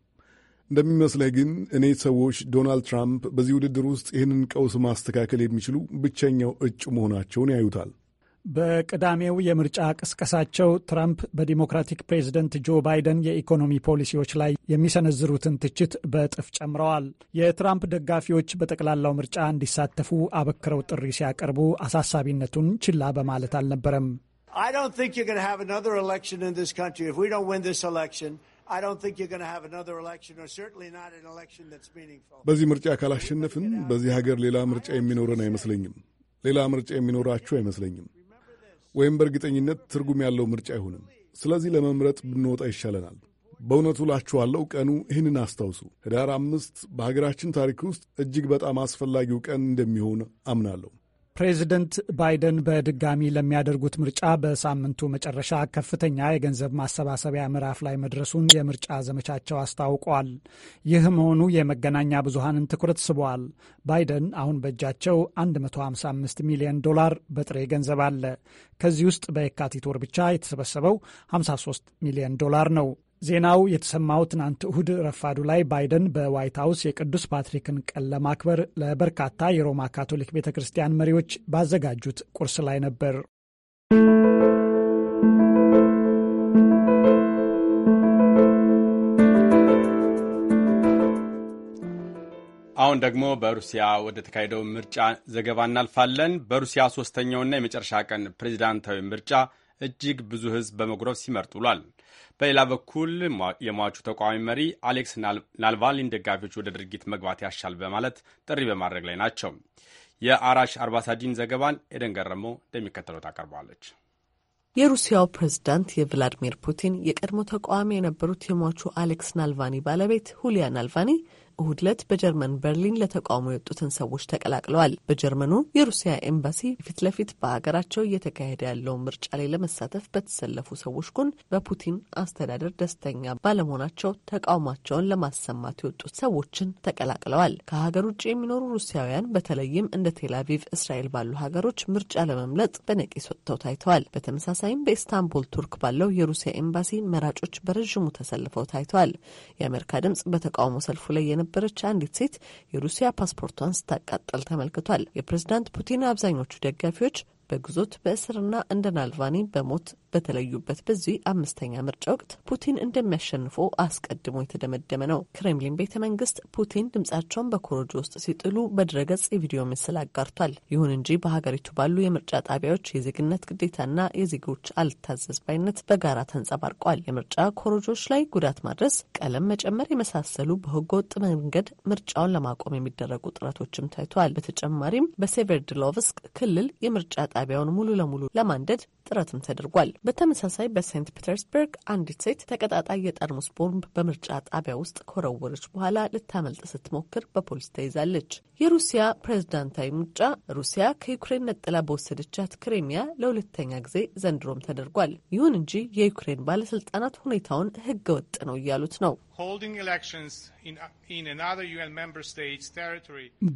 እንደሚመስለኝ ግን እኔ ሰዎች ዶናልድ ትራምፕ በዚህ ውድድር ውስጥ ይህንን ቀውስ ማስተካከል የሚችሉ ብቸኛው እጩ መሆናቸውን ያዩታል። በቅዳሜው የምርጫ ቅስቀሳቸው ትራምፕ በዲሞክራቲክ ፕሬዝደንት ጆ ባይደን የኢኮኖሚ ፖሊሲዎች ላይ የሚሰነዝሩትን ትችት በእጥፍ ጨምረዋል። የትራምፕ ደጋፊዎች በጠቅላላው ምርጫ እንዲሳተፉ አበክረው ጥሪ ሲያቀርቡ አሳሳቢነቱን ችላ በማለት አልነበረም። በዚህ ምርጫ ካላሸነፍን በዚህ ሀገር ሌላ ምርጫ የሚኖረን አይመስለኝም። ሌላ ምርጫ የሚኖራችሁ አይመስለኝም። ወይም በእርግጠኝነት ትርጉም ያለው ምርጫ አይሆንም። ስለዚህ ለመምረጥ ብንወጣ ይሻለናል። በእውነቱ ላችኋለሁ፣ ቀኑ ይህንን አስታውሱ። ህዳር አምስት በሀገራችን ታሪክ ውስጥ እጅግ በጣም አስፈላጊው ቀን እንደሚሆን አምናለሁ። ፕሬዚደንት ባይደን በድጋሚ ለሚያደርጉት ምርጫ በሳምንቱ መጨረሻ ከፍተኛ የገንዘብ ማሰባሰቢያ ምዕራፍ ላይ መድረሱን የምርጫ ዘመቻቸው አስታውቀዋል። ይህ መሆኑ የመገናኛ ብዙሃንን ትኩረት ስበዋል። ባይደን አሁን በእጃቸው 155 ሚሊዮን ዶላር በጥሬ ገንዘብ አለ። ከዚህ ውስጥ በየካቲት ወር ብቻ የተሰበሰበው 53 ሚሊዮን ዶላር ነው። ዜናው የተሰማው ትናንት እሁድ ረፋዱ ላይ ባይደን በዋይት ሀውስ የቅዱስ ፓትሪክን ቀን ለማክበር ለበርካታ የሮማ ካቶሊክ ቤተ ክርስቲያን መሪዎች ባዘጋጁት ቁርስ ላይ ነበር። አሁን ደግሞ በሩሲያ ወደ ተካሄደው ምርጫ ዘገባ እናልፋለን። በሩሲያ ሶስተኛውና የመጨረሻ ቀን ፕሬዚዳንታዊ ምርጫ እጅግ ብዙ ህዝብ በመጉረፍ ሲመርጥ ውሏል። በሌላ በኩል የሟቹ ተቃዋሚ መሪ አሌክስ ናልቫሊን ደጋፊዎች ወደ ድርጊት መግባት ያሻል በማለት ጥሪ በማድረግ ላይ ናቸው። የአራሽ አርባሳዲን ዘገባን ኤደን ገረመው እንደሚከተለው ታቀርበዋለች። የሩሲያው ፕሬዝዳንት የቭላዲሚር ፑቲን የቀድሞ ተቃዋሚ የነበሩት የሟቹ አሌክስ ናልቫኒ ባለቤት ሁሊያ ናልቫኒ እሁድ ዕለት በጀርመን በርሊን ለተቃውሞ የወጡትን ሰዎች ተቀላቅለዋል። በጀርመኑ የሩሲያ ኤምባሲ ፊት ለፊት በሀገራቸው እየተካሄደ ያለውን ምርጫ ላይ ለመሳተፍ በተሰለፉ ሰዎች ጎን በፑቲን አስተዳደር ደስተኛ ባለመሆናቸው ተቃውሟቸውን ለማሰማት የወጡት ሰዎችን ተቀላቅለዋል። ከሀገር ውጭ የሚኖሩ ሩሲያውያን በተለይም እንደ ቴላቪቭ፣ እስራኤል ባሉ ሀገሮች ምርጫ ለመምለጥ በነቂስ ወጥተው ታይተዋል። በተመሳሳይም በኢስታንቡል ቱርክ ባለው የሩሲያ ኤምባሲ መራጮች በረዥሙ ተሰልፈው ታይተዋል። የአሜሪካ ድምጽ በተቃውሞ ሰልፉ ላይ የነበረች አንዲት ሴት የሩሲያ ፓስፖርቷን ስታቃጠል ተመልክቷል። የፕሬዝዳንት ፑቲን አብዛኞቹ ደጋፊዎች በግዞት በእስርና እንደ ናልቫኒ በሞት በተለዩበት በዚህ አምስተኛ ምርጫ ወቅት ፑቲን እንደሚያሸንፎ አስቀድሞ የተደመደመ ነው። ክሬምሊን ቤተ መንግስት ፑቲን ድምጻቸውን በኮሮጆ ውስጥ ሲጥሉ በድረገጽ የቪዲዮ ምስል አጋርቷል። ይሁን እንጂ በሀገሪቱ ባሉ የምርጫ ጣቢያዎች የዜግነት ግዴታና የዜጎች አልታዘዝ ባይነት በጋራ ተንጸባርቋል። የምርጫ ኮሮጆች ላይ ጉዳት ማድረስ፣ ቀለም መጨመር የመሳሰሉ በህገወጥ መንገድ ምርጫውን ለማቆም የሚደረጉ ጥረቶችም ታይተዋል። በተጨማሪም በሴቨርድሎቭስክ ክልል የምርጫ ጣቢያውን ሙሉ ለሙሉ ለማንደድ ጥረትም ተደርጓል። በተመሳሳይ በሴንት ፒተርስበርግ አንዲት ሴት ተቀጣጣይ የጠርሙስ ቦምብ በምርጫ ጣቢያ ውስጥ ከወረወረች በኋላ ልታመልጥ ስትሞክር በፖሊስ ተይዛለች። የሩሲያ ፕሬዝዳንታዊ ምርጫ ሩሲያ ከዩክሬን ነጥላ በወሰደቻት ክሬሚያ ለሁለተኛ ጊዜ ዘንድሮም ተደርጓል። ይሁን እንጂ የዩክሬን ባለስልጣናት ሁኔታውን ወጥ ነው እያሉት ነው።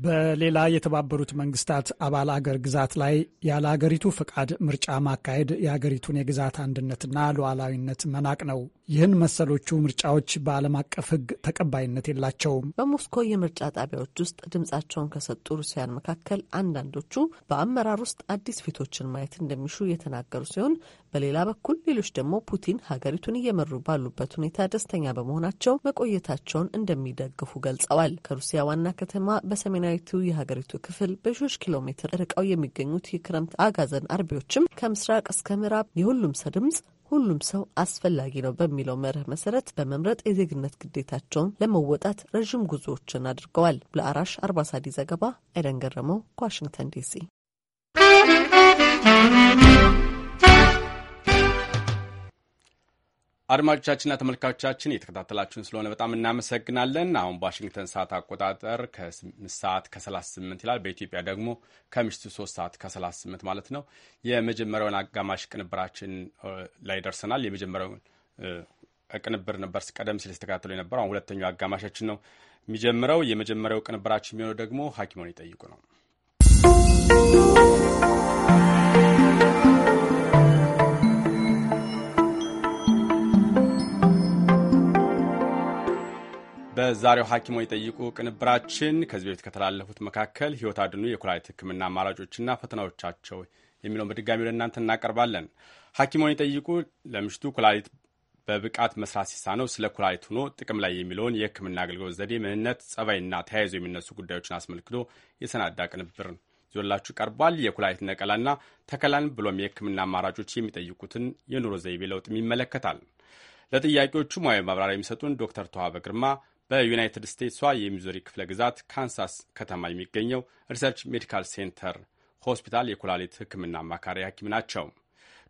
በሌላ የተባበሩት መንግስታት አባል አገር ግዛት ላይ ያለ አገሪቱ ፈቃድ ምርጫ ማካሄድ የአገሪቱን የግዛት አንድነትና ሉዓላዊነት መናቅ ነው። ይህን መሰሎቹ ምርጫዎች በዓለም አቀፍ ሕግ ተቀባይነት የላቸውም። በሞስኮ የምርጫ ጣቢያዎች ውስጥ ድምጻቸውን ከሰጡ ሩሲያን መካከል አንዳንዶቹ በአመራር ውስጥ አዲስ ፊቶችን ማየት እንደሚሹ የተናገሩ ሲሆን በሌላ በኩል ሌሎች ደግሞ ፑቲን ሀገሪቱን እየመሩ ባሉበት ሁኔታ ደስተኛ በመሆናቸው መቆየታቸውን እንደሚደግፉ ገልጸዋል። ከሩሲያ ዋና ከተማ በሰሜናዊቱ የሀገሪቱ ክፍል በሺዎች ኪሎ ሜትር ርቀው የሚገኙት የክረምት አጋዘን አርቢዎችም ከምስራቅ እስከ ምዕራብ የሁሉም ሰው ድምጽ ሁሉም ሰው አስፈላጊ ነው በሚለው መርህ መሰረት በመምረጥ የዜግነት ግዴታቸውን ለመወጣት ረዥም ጉዞዎችን አድርገዋል። ለአራሽ አርባሳዲ ዘገባ ኤደን ገረመው ከዋሽንግተን ዲሲ አድማጮቻችንና ተመልካቾቻችን የተከታተላችሁን ስለሆነ በጣም እናመሰግናለን። አሁን በዋሽንግተን ሰዓት አቆጣጠር ከስምንት ሰዓት ከ38 ይላል። በኢትዮጵያ ደግሞ ከምሽቱ 3 ሰዓት ከ38 ማለት ነው። የመጀመሪያውን አጋማሽ ቅንብራችን ላይ ደርሰናል። የመጀመሪያውን ቅንብር ነበር ቀደም ሲል ስተከታተሉ የነበረው። አሁን ሁለተኛው አጋማሻችን ነው የሚጀምረው። የመጀመሪያው ቅንብራችን የሚሆነው ደግሞ ሐኪሞን ይጠይቁ ነው። በዛሬው ሐኪሞ የጠይቁ ቅንብራችን ከዚህ በፊት ከተላለፉት መካከል ህይወት አድኑ የኩላሊት ሕክምና አማራጮችና ፈተናዎቻቸው የሚለውን በድጋሚ ወደ እናንተ እናቀርባለን። ሐኪሞን የጠይቁ ለምሽቱ ኩላሊት በብቃት መስራት ሲሳነው ስለ ኩላሊት ሆኖ ጥቅም ላይ የሚለውን የሕክምና አገልግሎት ዘዴ ምንነት፣ ጸባይና ተያይዞ የሚነሱ ጉዳዮችን አስመልክቶ የሰናዳ ቅንብር ይዞላችሁ ቀርቧል። የኩላሊት ነቀላና ተከላን ብሎም የሕክምና አማራጮች የሚጠይቁትን የኑሮ ዘይቤ ለውጥም ይመለከታል። ለጥያቄዎቹ ሙያዊ ማብራሪያ የሚሰጡን ዶክተር ተዋበ ግርማ በዩናይትድ ስቴትሷ የሚዙሪ ክፍለ ግዛት ካንሳስ ከተማ የሚገኘው ሪሰርች ሜዲካል ሴንተር ሆስፒታል የኩላሊት ሕክምና አማካሪ ሐኪም ናቸው።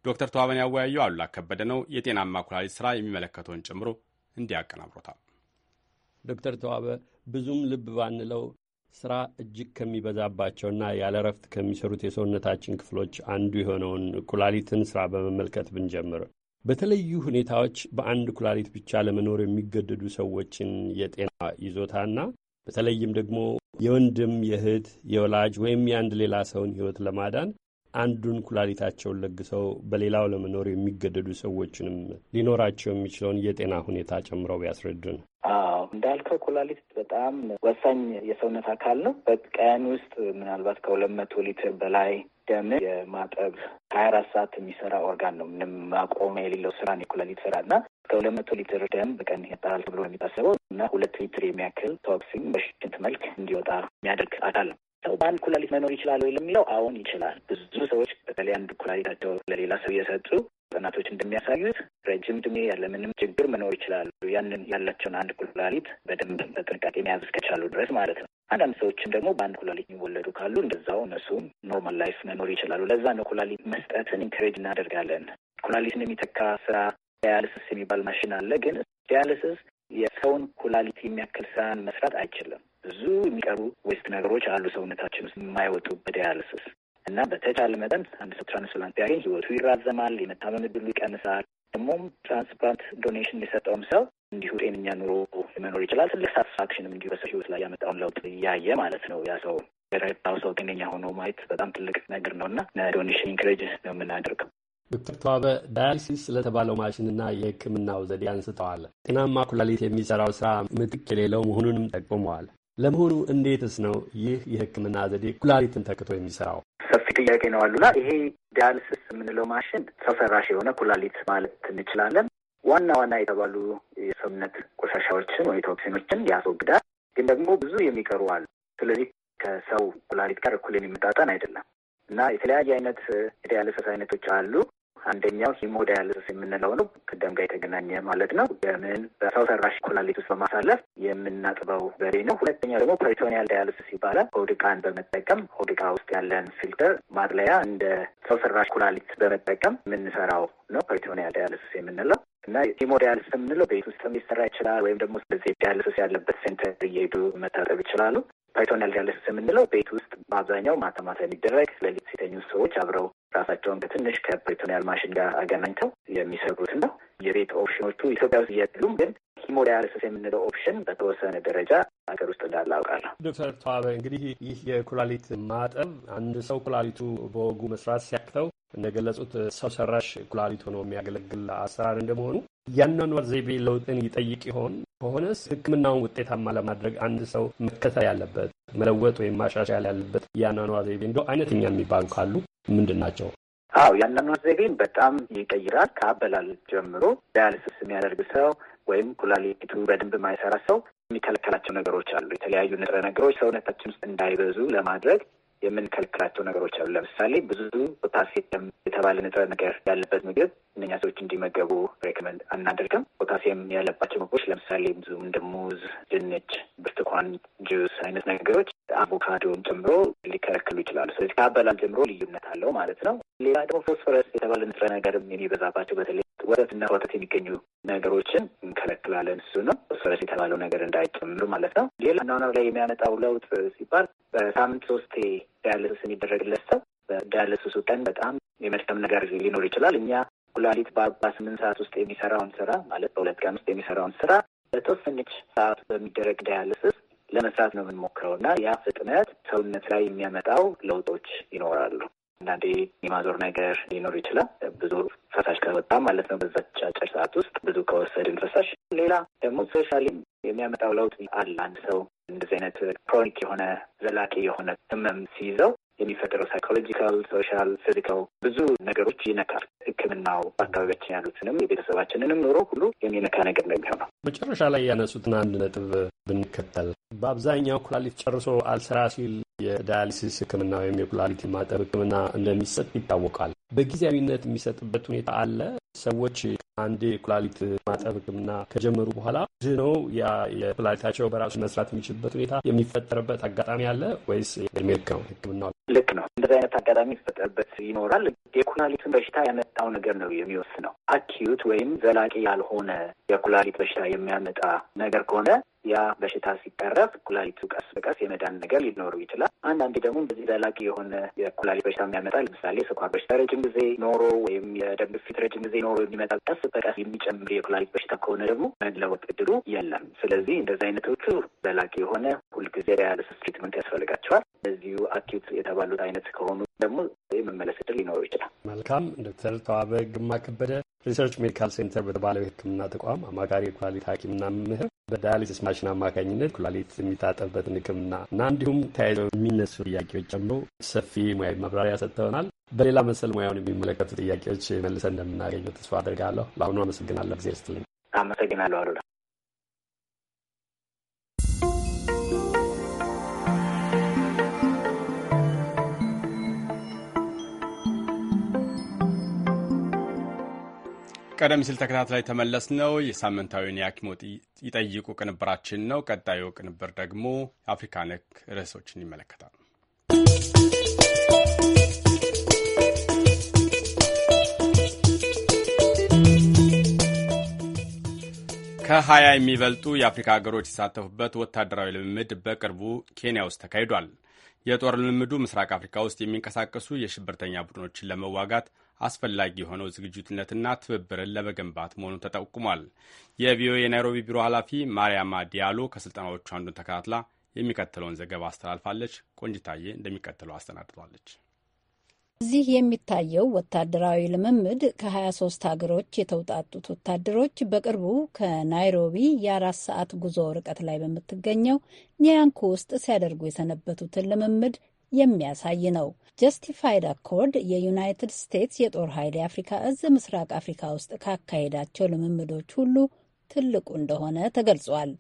ዶክተር ተዋበን ያወያዩ አሉላ ከበደ ነው። የጤናማ ኩላሊት ስራ የሚመለከተውን ጨምሮ እንዲያቀናብሮታል። ዶክተር ተዋበ ብዙም ልብ ባንለው ስራ እጅግ ከሚበዛባቸውና ያለ ረፍት ከሚሰሩት የሰውነታችን ክፍሎች አንዱ የሆነውን ኩላሊትን ስራ በመመልከት ብንጀምር በተለዩ ሁኔታዎች በአንድ ኩላሊት ብቻ ለመኖር የሚገደዱ ሰዎችን የጤና ይዞታና በተለይም ደግሞ የወንድም የእህት፣ የወላጅ ወይም የአንድ ሌላ ሰውን ሕይወት ለማዳን አንዱን ኩላሊታቸውን ለግሰው በሌላው ለመኖር የሚገደዱ ሰዎችንም ሊኖራቸው የሚችለውን የጤና ሁኔታ ጨምረው ቢያስረዱን። አዎ እንዳልከው ኩላሊት በጣም ወሳኝ የሰውነት አካል ነው። በቀን ውስጥ ምናልባት ከሁለት መቶ ሊትር በላይ ደም የማጠብ ሀያ አራት ሰዓት የሚሰራ ኦርጋን ነው። ምንም ማቆሚያ የሌለው ስራ ነው የኩላሊት ስራ እና ሁለት መቶ ሊትር ደም በቀን ይጣል ተብሎ የሚታሰበው እና ሁለት ሊትር የሚያክል ቶክሲን በሽንት መልክ እንዲወጣ የሚያደርግ አካል ነው። ሰው በአንድ ኩላሊት መኖር ይችላል ወይ ለሚለው አሁን ይችላል። ብዙ ሰዎች በተለይ አንድ ኩላሊታቸው ለሌላ ሰው እየሰጡ ጥናቶች እንደሚያሳዩት ረጅም እድሜ ያለምንም ችግር መኖር ይችላሉ። ያንን ያላቸውን አንድ ኩላሊት በደንብ በጥንቃቄ መያዝ እስከቻሉ ድረስ ማለት ነው። አንዳንድ ሰዎችም ደግሞ በአንድ ኩላሊት የሚወለዱ ካሉ እንደዛው እነሱም ኖርማል ላይፍ መኖር ይችላሉ። ለዛ ነው ኩላሊት መስጠትን ኢንከሬጅ እናደርጋለን። ኩላሊትን የሚተካ ስራ ዳያልስስ የሚባል ማሽን አለ። ግን ዳያልስስ የሰውን ኩላሊት የሚያክል ስራን መስራት አይችልም። ብዙ የሚቀሩ ዌስት ነገሮች አሉ ሰውነታችን ውስጥ የማይወጡ በዳያልስስ እና በተቻለ መጠን አንድ ሰው ትራንስፕላንት ቢያገኝ ህይወቱ ይራዘማል፣ የመታመም ይቀንሳል። ደግሞም ትራንስፕላንት ዶኔሽን የሰጠውም ሰው እንዲሁ ጤነኛ ኑሮ መኖር ይችላል። ትልቅ ሳትስፋክሽንም እንዲሁ በሰው ህይወት ላይ ያመጣውን ለውጥ እያየ ማለት ነው ያ ሰው የረዳው ሰው ጤነኛ ሆኖ ማየት በጣም ትልቅ ነገር ነው እና ዶኔሽን ኢንክሬጅ ነው የምናደርገው። ዶክተር ተዋበ ዳያሊሲስ ስለተባለው ማሽንና የህክምናው ዘዴ አንስተዋል። ጤናማ ኩላሊት የሚሰራው ስራ ምትክ የሌለው መሆኑንም ጠቁመዋል። ለመሆኑ እንዴትስ ነው ይህ የህክምና ዘዴ ኩላሊትን ተክቶ የሚሰራው? ሰፊ ጥያቄ ነው አሉላ። ይሄ ዳያሊሲስ የምንለው ማሽን ሰው ሰራሽ የሆነ ኩላሊት ማለት እንችላለን። ዋና ዋና የተባሉ የሰውነት ቆሻሻዎችን ወይ ቶክሲኖችን ያስወግዳል። ግን ደግሞ ብዙ የሚቀሩ አሉ። ስለዚህ ከሰው ኩላሊት ጋር እኩል የሚመጣጠን አይደለም እና የተለያየ አይነት የዳያልሰስ አይነቶች አሉ። አንደኛው ሂሞ ዳያልሰስ የምንለው ነው። ከደም ጋር የተገናኘ ማለት ነው። ደምን በሰው ሰራሽ ኩላሊት ውስጥ በማሳለፍ የምናጥበው በሬ ነው። ሁለተኛው ደግሞ ፐሪቶኒያል ዳያልሰስ ይባላል። ሆድ ዕቃን በመጠቀም ሆድ ዕቃ ውስጥ ያለን ፊልተር ማጥለያ እንደ ሰው ሰራሽ ኩላሊት በመጠቀም የምንሰራው ነው። ፐሪቶኒያል ዳያልሰስ የምንለው እና ሂሞዲያልስ የምንለው ቤት ውስጥም ሊሰራ ይችላል፣ ወይም ደግሞ በዚህ ዲያልስስ ያለበት ሴንተር እየሄዱ መታጠብ ይችላሉ። ፐሪቶኒያል ዲያልስስ የምንለው ቤት ውስጥ በአብዛኛው ማታ ማታ የሚደረግ ሌሊት ሲተኙ ሰዎች አብረው ራሳቸውን ከትንሽ ከፐሪቶኒያል ማሽን ጋር አገናኝተው የሚሰሩት ነው። የቤት ኦፕሽኖቹ ኢትዮጵያ ውስጥ የሉም፣ ግን ሂሞዳያልስስ የምንለው ኦፕሽን በተወሰነ ደረጃ ሀገር ውስጥ እንዳለ አውቃለሁ። ዶክተር ተዋበ እንግዲህ ይህ የኩላሊት ማጠብ አንድ ሰው ኩላሊቱ በወጉ መስራት ሲያቅተው እንደገለጹት ሰው ሰራሽ ኩላሊት ሆኖ የሚያገለግል አሰራር እንደመሆኑ ያኗኗር ዘይቤ ለውጥን ይጠይቅ ይሆን? ከሆነስ ሕክምናውን ውጤታማ ለማድረግ አንድ ሰው መከተል ያለበት መለወጥ ወይም ማሻሻል ያለበት የአኗኗር ዘይቤ እንደው አይነተኛ የሚባሉ ካሉ ምንድን ናቸው? አዎ የአኗኗር ዘይቤን በጣም ይቀይራል። ከአበላል ጀምሮ ዳያልስስ የሚያደርግ ሰው ወይም ኩላሊቱ በደንብ ማይሰራ ሰው የሚከለከላቸው ነገሮች አሉ። የተለያዩ ንጥረ ነገሮች ሰውነታችን ውስጥ እንዳይበዙ ለማድረግ የምንከልክላቸው ነገሮች አሉ። ለምሳሌ ብዙ ፖታሲየም የተባለ ንጥረ ነገር ያለበት ምግብ እነኛ ሰዎች እንዲመገቡ ሬኮመንድ አናደርግም። ፖታሲየም ያለባቸው ምግቦች ለምሳሌ ብዙ እንደ ሙዝ፣ ድንች፣ ብርቱካን ጁስ አይነት ነገሮች አቮካዶን ጨምሮ ሊከለክሉ ይችላሉ። ስለዚህ ከአበላል ጀምሮ ልዩነት አለው ማለት ነው። ሌላ ደግሞ ፎስፈረስ የተባለ ንጥረ ነገር የሚበዛባቸው በተለይ ወተትና ወተት የሚገኙ ነገሮችን እንከለክላለን። እሱ ነው ሰረት የተባለው ነገር እንዳይጨምሩ ማለት ነው። ሌላ ናና ላይ የሚያመጣው ለውጥ ሲባል በሳምንት ሶስቴ ዳያልስስ የሚደረግለት ሰው በዳያልስሱ ቀን በጣም የመድከም ነገር ሊኖር ይችላል። እኛ ኩላሊት በአርባ ስምንት ሰዓት ውስጥ የሚሰራውን ስራ ማለት በሁለት ቀን ውስጥ የሚሰራውን ስራ በተወሰነች ሰዓት በሚደረግ ዳያልስስ ለመስራት ነው የምንሞክረው እና ያ ፍጥነት ሰውነት ላይ የሚያመጣው ለውጦች ይኖራሉ። አንዳንዴ የማዞር ነገር ሊኖር ይችላል። ብዙ ፈሳሽ ከወጣ ማለት ነው። በዛች አጭር ሰዓት ውስጥ ብዙ ከወሰድን ፈሳሽ። ሌላ ደግሞ ሶሻሊ የሚያመጣው ለውጥ አለ። አንድ ሰው እንደዚህ አይነት ክሮኒክ የሆነ ዘላቂ የሆነ ህመም ሲይዘው የሚፈጠረው ሳይኮሎጂካል፣ ሶሻል፣ ፊዚካል ብዙ ነገሮች ይነካል። ሕክምናው አካባቢያችን ያሉትንም የቤተሰባችንንም ኑሮ ሁሉ የሚነካ ነገር ነው የሚሆነው። መጨረሻ ላይ ያነሱትን አንድ ነጥብ ብንከተል በአብዛኛው ኩላሊት ጨርሶ አልሰራ ሲል የዳያሊሲስ ሕክምና ወይም የኩላሊት ማጠብ ሕክምና እንደሚሰጥ ይታወቃል። በጊዜያዊነት የሚሰጥበት ሁኔታ አለ። ሰዎች አንዴ የኩላሊት ማጠብ ሕክምና ከጀመሩ በኋላ ድነው ያ የኩላሊታቸው በራሱ መስራት የሚችልበት ሁኔታ የሚፈጠርበት አጋጣሚ አለ ወይስ የእድሜ ሕክምና? ልክ ነው። እንደዚህ አይነት አጋጣሚ ይፈጠርበት ይኖራል። የኩላሊትን በሽታ ያመጣው ነገር ነው የሚወስነው። አኪዩት ወይም ዘላቂ ያልሆነ የኩላሊት በሽታ የሚያመጣ ነገር ከሆነ ያ በሽታ ሲቀረፍ ኩላሊቱ ቀስ በቀስ የመዳን ነገር ሊኖሩ ይችላል። አንዳንድ ደግሞ እንደዚህ ዘላቂ የሆነ የኩላሊት በሽታ የሚያመጣ ለምሳሌ ስኳር በሽታ ረጅም ጊዜ ኖሮ ወይም የደም ግፊት ረጅም ጊዜ ኖሮ የሚመጣ ቀስ በቀስ የሚጨምር የኩላሊት በሽታ ከሆነ ደግሞ መለወጥ እድሉ የለም። ስለዚህ እንደዚህ አይነቶቹ ዘላቂ የሆነ ሁልጊዜ ዳያልሲስ ትሪትመንት ያስፈልጋቸዋል። እዚሁ አኪዩት የተባሉት አይነት ከሆኑ ደግሞ የመመለስ እድል ሊኖሩ ይችላል። መልካም ዶክተር ተዋበ ግማ ከበደ ሪሰርች ሜዲካል ሴንተር በተባለው የሕክምና ተቋም አማካሪ የኩላሊት ሐኪምና መምህር በዳያሊሲስ ማሽን አማካኝነት ኩላሊት የሚታጠብበትን ሕክምና እና እንዲሁም ተያይዘው የሚነሱ ጥያቄዎች ጨምሮ ሰፊ ሙያዊ መብራሪያ ሰጥተውናል። በሌላ መሰል ሙያውን የሚመለከቱ ጥያቄዎች መልሰ እንደምናገኘው ተስፋ አድርጋለሁ። ለአሁኑ አመሰግናለሁ። ጊዜ ስትልኝ አመሰግናለሁ አሉላ። ቀደም ሲል ተከታትላይ ተመለስ ነው። የሳምንታዊን የሐኪሞን ይጠይቁ ቅንብራችን ነው። ቀጣዩ ቅንብር ደግሞ የአፍሪካ ነክ ርዕሶችን ይመለከታል። ከሀያ የሚበልጡ የአፍሪካ ሀገሮች የተሳተፉበት ወታደራዊ ልምምድ በቅርቡ ኬንያ ውስጥ ተካሂዷል። የጦር ልምምዱ ምስራቅ አፍሪካ ውስጥ የሚንቀሳቀሱ የሽብርተኛ ቡድኖችን ለመዋጋት አስፈላጊ የሆነው ዝግጁትነትና ትብብርን ለመገንባት መሆኑን ተጠቁሟል። የቪኦኤ የናይሮቢ ቢሮ ኃላፊ ማርያማ ዲያሎ ከስልጠናዎቹ አንዱን ተከታትላ የሚከተለውን ዘገባ አስተላልፋለች። ቆንጅታዬ እንደሚከተለው አስተናድቷለች። እዚህ የሚታየው ወታደራዊ ልምምድ ከ23 ሀገሮች የተውጣጡት ወታደሮች በቅርቡ ከናይሮቢ የአራት ሰዓት ጉዞ ርቀት ላይ በምትገኘው ኒያንኩ ውስጥ ሲያደርጉ የሰነበቱትን ልምምድ የሚያሳይ ነው። ጀስቲፋይድ አኮርድ የዩናይትድ ስቴትስ የጦር ኃይል የአፍሪካ እዝ ምስራቅ አፍሪካ ውስጥ ካካሄዳቸው ልምምዶች ሁሉ ትልቁ እንደሆነ ተገልጿል።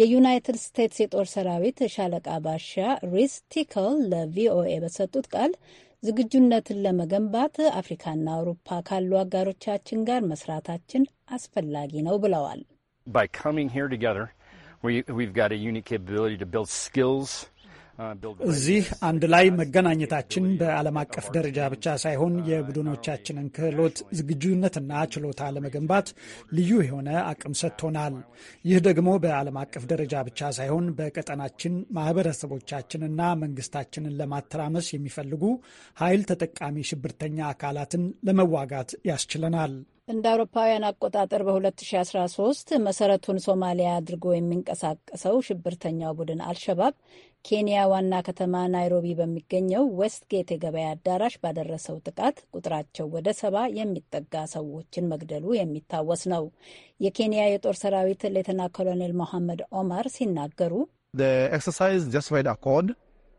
የዩናይትድ ስቴትስ የጦር ሰራዊት ሻለቃ ባሻ ሪስ ቲክል ለቪኦኤ በሰጡት ቃል ዝግጁነትን ለመገንባት አፍሪካና አውሮፓ ካሉ አጋሮቻችን ጋር መስራታችን አስፈላጊ ነው ብለዋል። እዚህ አንድ ላይ መገናኘታችን በዓለም አቀፍ ደረጃ ብቻ ሳይሆን የቡድኖቻችንን ክህሎት፣ ዝግጁነትና ችሎታ ለመገንባት ልዩ የሆነ አቅም ሰጥቶናል። ይህ ደግሞ በዓለም አቀፍ ደረጃ ብቻ ሳይሆን በቀጠናችን ማህበረሰቦቻችንና መንግስታችንን ለማተራመስ የሚፈልጉ ኃይል ተጠቃሚ ሽብርተኛ አካላትን ለመዋጋት ያስችለናል። እንደ አውሮፓውያን አቆጣጠር በ2013 መሰረቱን ሶማሊያ አድርጎ የሚንቀሳቀሰው ሽብርተኛው ቡድን አልሸባብ ኬንያ ዋና ከተማ ናይሮቢ በሚገኘው ጌት የገበያ አዳራሽ ባደረሰው ጥቃት ቁጥራቸው ወደ ሰባ የሚጠጋ ሰዎችን መግደሉ የሚታወስ ነው። የኬንያ የጦር ሰራዊት ሌተና ኮሎኔል መሐመድ ኦማር ሲናገሩ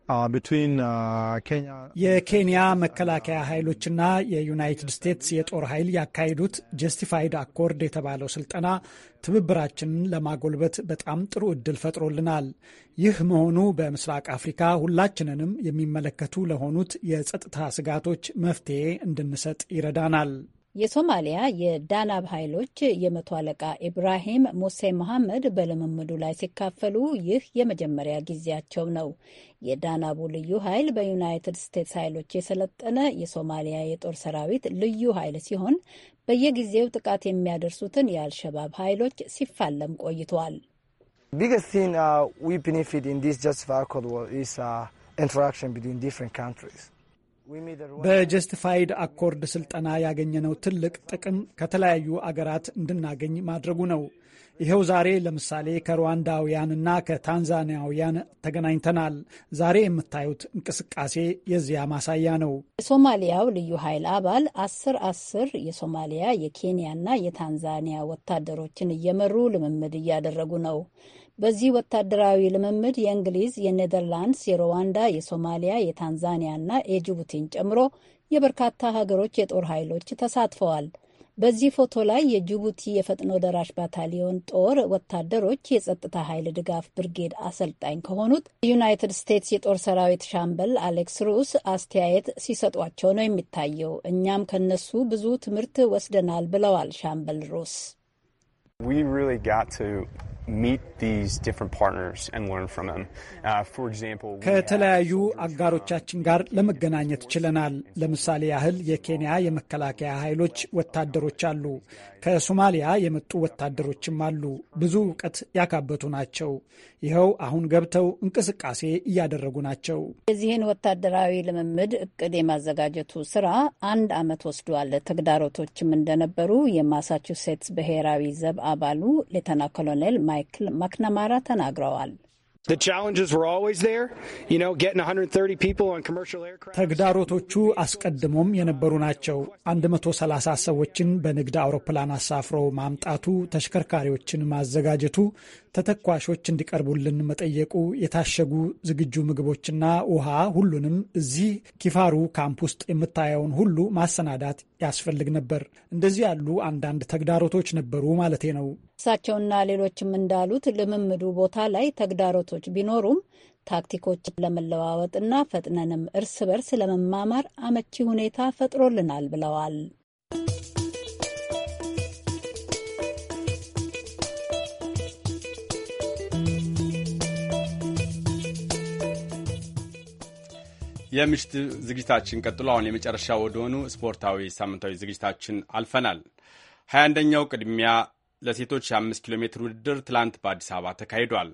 Uh, uh, የኬንያ uh, መከላከያ ኃይሎችና የዩናይትድ ስቴትስ የጦር ኃይል ያካሄዱት ጀስቲፋይድ አኮርድ የተባለው ስልጠና ትብብራችንን ለማጎልበት በጣም ጥሩ እድል ፈጥሮልናል። ይህ መሆኑ በምስራቅ አፍሪካ ሁላችንንም የሚመለከቱ ለሆኑት የጸጥታ ስጋቶች መፍትሄ እንድንሰጥ ይረዳናል። የሶማሊያ የዳናብ ኃይሎች የመቶ አለቃ ኢብራሂም ሙሴ መሐመድ በልምምዱ ላይ ሲካፈሉ ይህ የመጀመሪያ ጊዜያቸው ነው። የዳናቡ ልዩ ኃይል በዩናይትድ ስቴትስ ኃይሎች የሰለጠነ የሶማሊያ የጦር ሰራዊት ልዩ ኃይል ሲሆን በየጊዜው ጥቃት የሚያደርሱትን የአልሸባብ ኃይሎች ሲፋለም ቆይተዋል። ቢገስቲን ዊ ቤኔፊት ኢን ዲስ ቢትዊን ዲፍረንት ካንትሪስ በጀስቲፋይድ አኮርድ ስልጠና ያገኘነው ትልቅ ጥቅም ከተለያዩ አገራት እንድናገኝ ማድረጉ ነው። ይኸው ዛሬ ለምሳሌ ከሩዋንዳውያንና ከታንዛኒያውያን ተገናኝተናል። ዛሬ የምታዩት እንቅስቃሴ የዚያ ማሳያ ነው። የሶማሊያው ልዩ ኃይል አባል አስር አስር የሶማሊያ የኬንያና የታንዛኒያ ወታደሮችን እየመሩ ልምምድ እያደረጉ ነው። በዚህ ወታደራዊ ልምምድ የእንግሊዝ፣ የኔዘርላንድስ፣ የሩዋንዳ፣ የሶማሊያ፣ የታንዛኒያ እና የጅቡቲን ጨምሮ የበርካታ ሀገሮች የጦር ኃይሎች ተሳትፈዋል። በዚህ ፎቶ ላይ የጅቡቲ የፈጥኖ ደራሽ ባታሊዮን ጦር ወታደሮች የጸጥታ ኃይል ድጋፍ ብርጌድ አሰልጣኝ ከሆኑት የዩናይትድ ስቴትስ የጦር ሰራዊት ሻምበል አሌክስ ሩስ አስተያየት ሲሰጧቸው ነው የሚታየው። እኛም ከነሱ ብዙ ትምህርት ወስደናል ብለዋል ሻምበል ሩስ Uh, ከተለያዩ አጋሮቻችን ጋር ለመገናኘት ችለናል። ለምሳሌ ያህል የኬንያ የመከላከያ ኃይሎች ወታደሮች አሉ። ከሶማሊያ የመጡ ወታደሮችም አሉ። ብዙ እውቀት ያካበቱ ናቸው። ይኸው አሁን ገብተው እንቅስቃሴ እያደረጉ ናቸው። የዚህን ወታደራዊ ልምምድ እቅድ የማዘጋጀቱ ስራ አንድ ዓመት ወስዷል። ተግዳሮቶችም እንደነበሩ የማሳቹሴትስ ብሔራዊ ዘብ አባሉ ሌተና ኮሎኔል ማይክል ማክናማራ ተናግረዋል። The challenges were always there, you know, getting 130 people on commercial aircraft. ተግዳሮቶቹ አስቀድሞም የነበሩ ናቸው። 130 ሰዎችን በንግድ አውሮፕላን አሳፍሮ ማምጣቱ፣ ተሽከርካሪዎችን ማዘጋጀቱ፣ ተተኳሾች እንዲቀርቡልን መጠየቁ፣ የታሸጉ ዝግጁ ምግቦችና ውሃ፣ ሁሉንም እዚህ ኪፋሩ ካምፕ ውስጥ የምታየውን ሁሉ ማሰናዳት ያስፈልግ ነበር። እንደዚህ ያሉ አንዳንድ ተግዳሮቶች ነበሩ ማለቴ ነው። እሳቸውና ሌሎችም እንዳሉት ልምምዱ ቦታ ላይ ተግዳሮቶች ልዩነቶች ቢኖሩም ታክቲኮች ለመለዋወጥና ፈጥነንም እርስ በርስ ለመማማር አመቺ ሁኔታ ፈጥሮልናል ብለዋል። የምሽት ዝግጅታችን ቀጥሎ አሁን የመጨረሻ ወደሆኑ ስፖርታዊ ሳምንታዊ ዝግጅታችን አልፈናል። ሀያ አንደኛው ቅድሚያ ለሴቶች የአምስት ኪሎ ሜትር ውድድር ትላንት በአዲስ አበባ ተካሂዷል።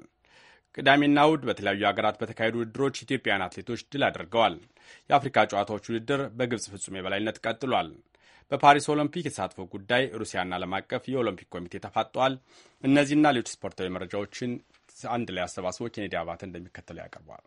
ቅዳሜና እሁድ በተለያዩ ሀገራት በተካሄዱ ውድድሮች ኢትዮጵያውያን አትሌቶች ድል አድርገዋል። የአፍሪካ ጨዋታዎች ውድድር በግብፅ ፍጹም የበላይነት ቀጥሏል። በፓሪስ ኦሎምፒክ የተሳትፎ ጉዳይ ሩሲያና ዓለም አቀፍ የኦሎምፒክ ኮሚቴ ተፋጠዋል። እነዚህና ሌሎች ስፖርታዊ መረጃዎችን አንድ ላይ አሰባስቦ ኬኔዲ አባተ እንደሚከተለው ያቀርበዋል።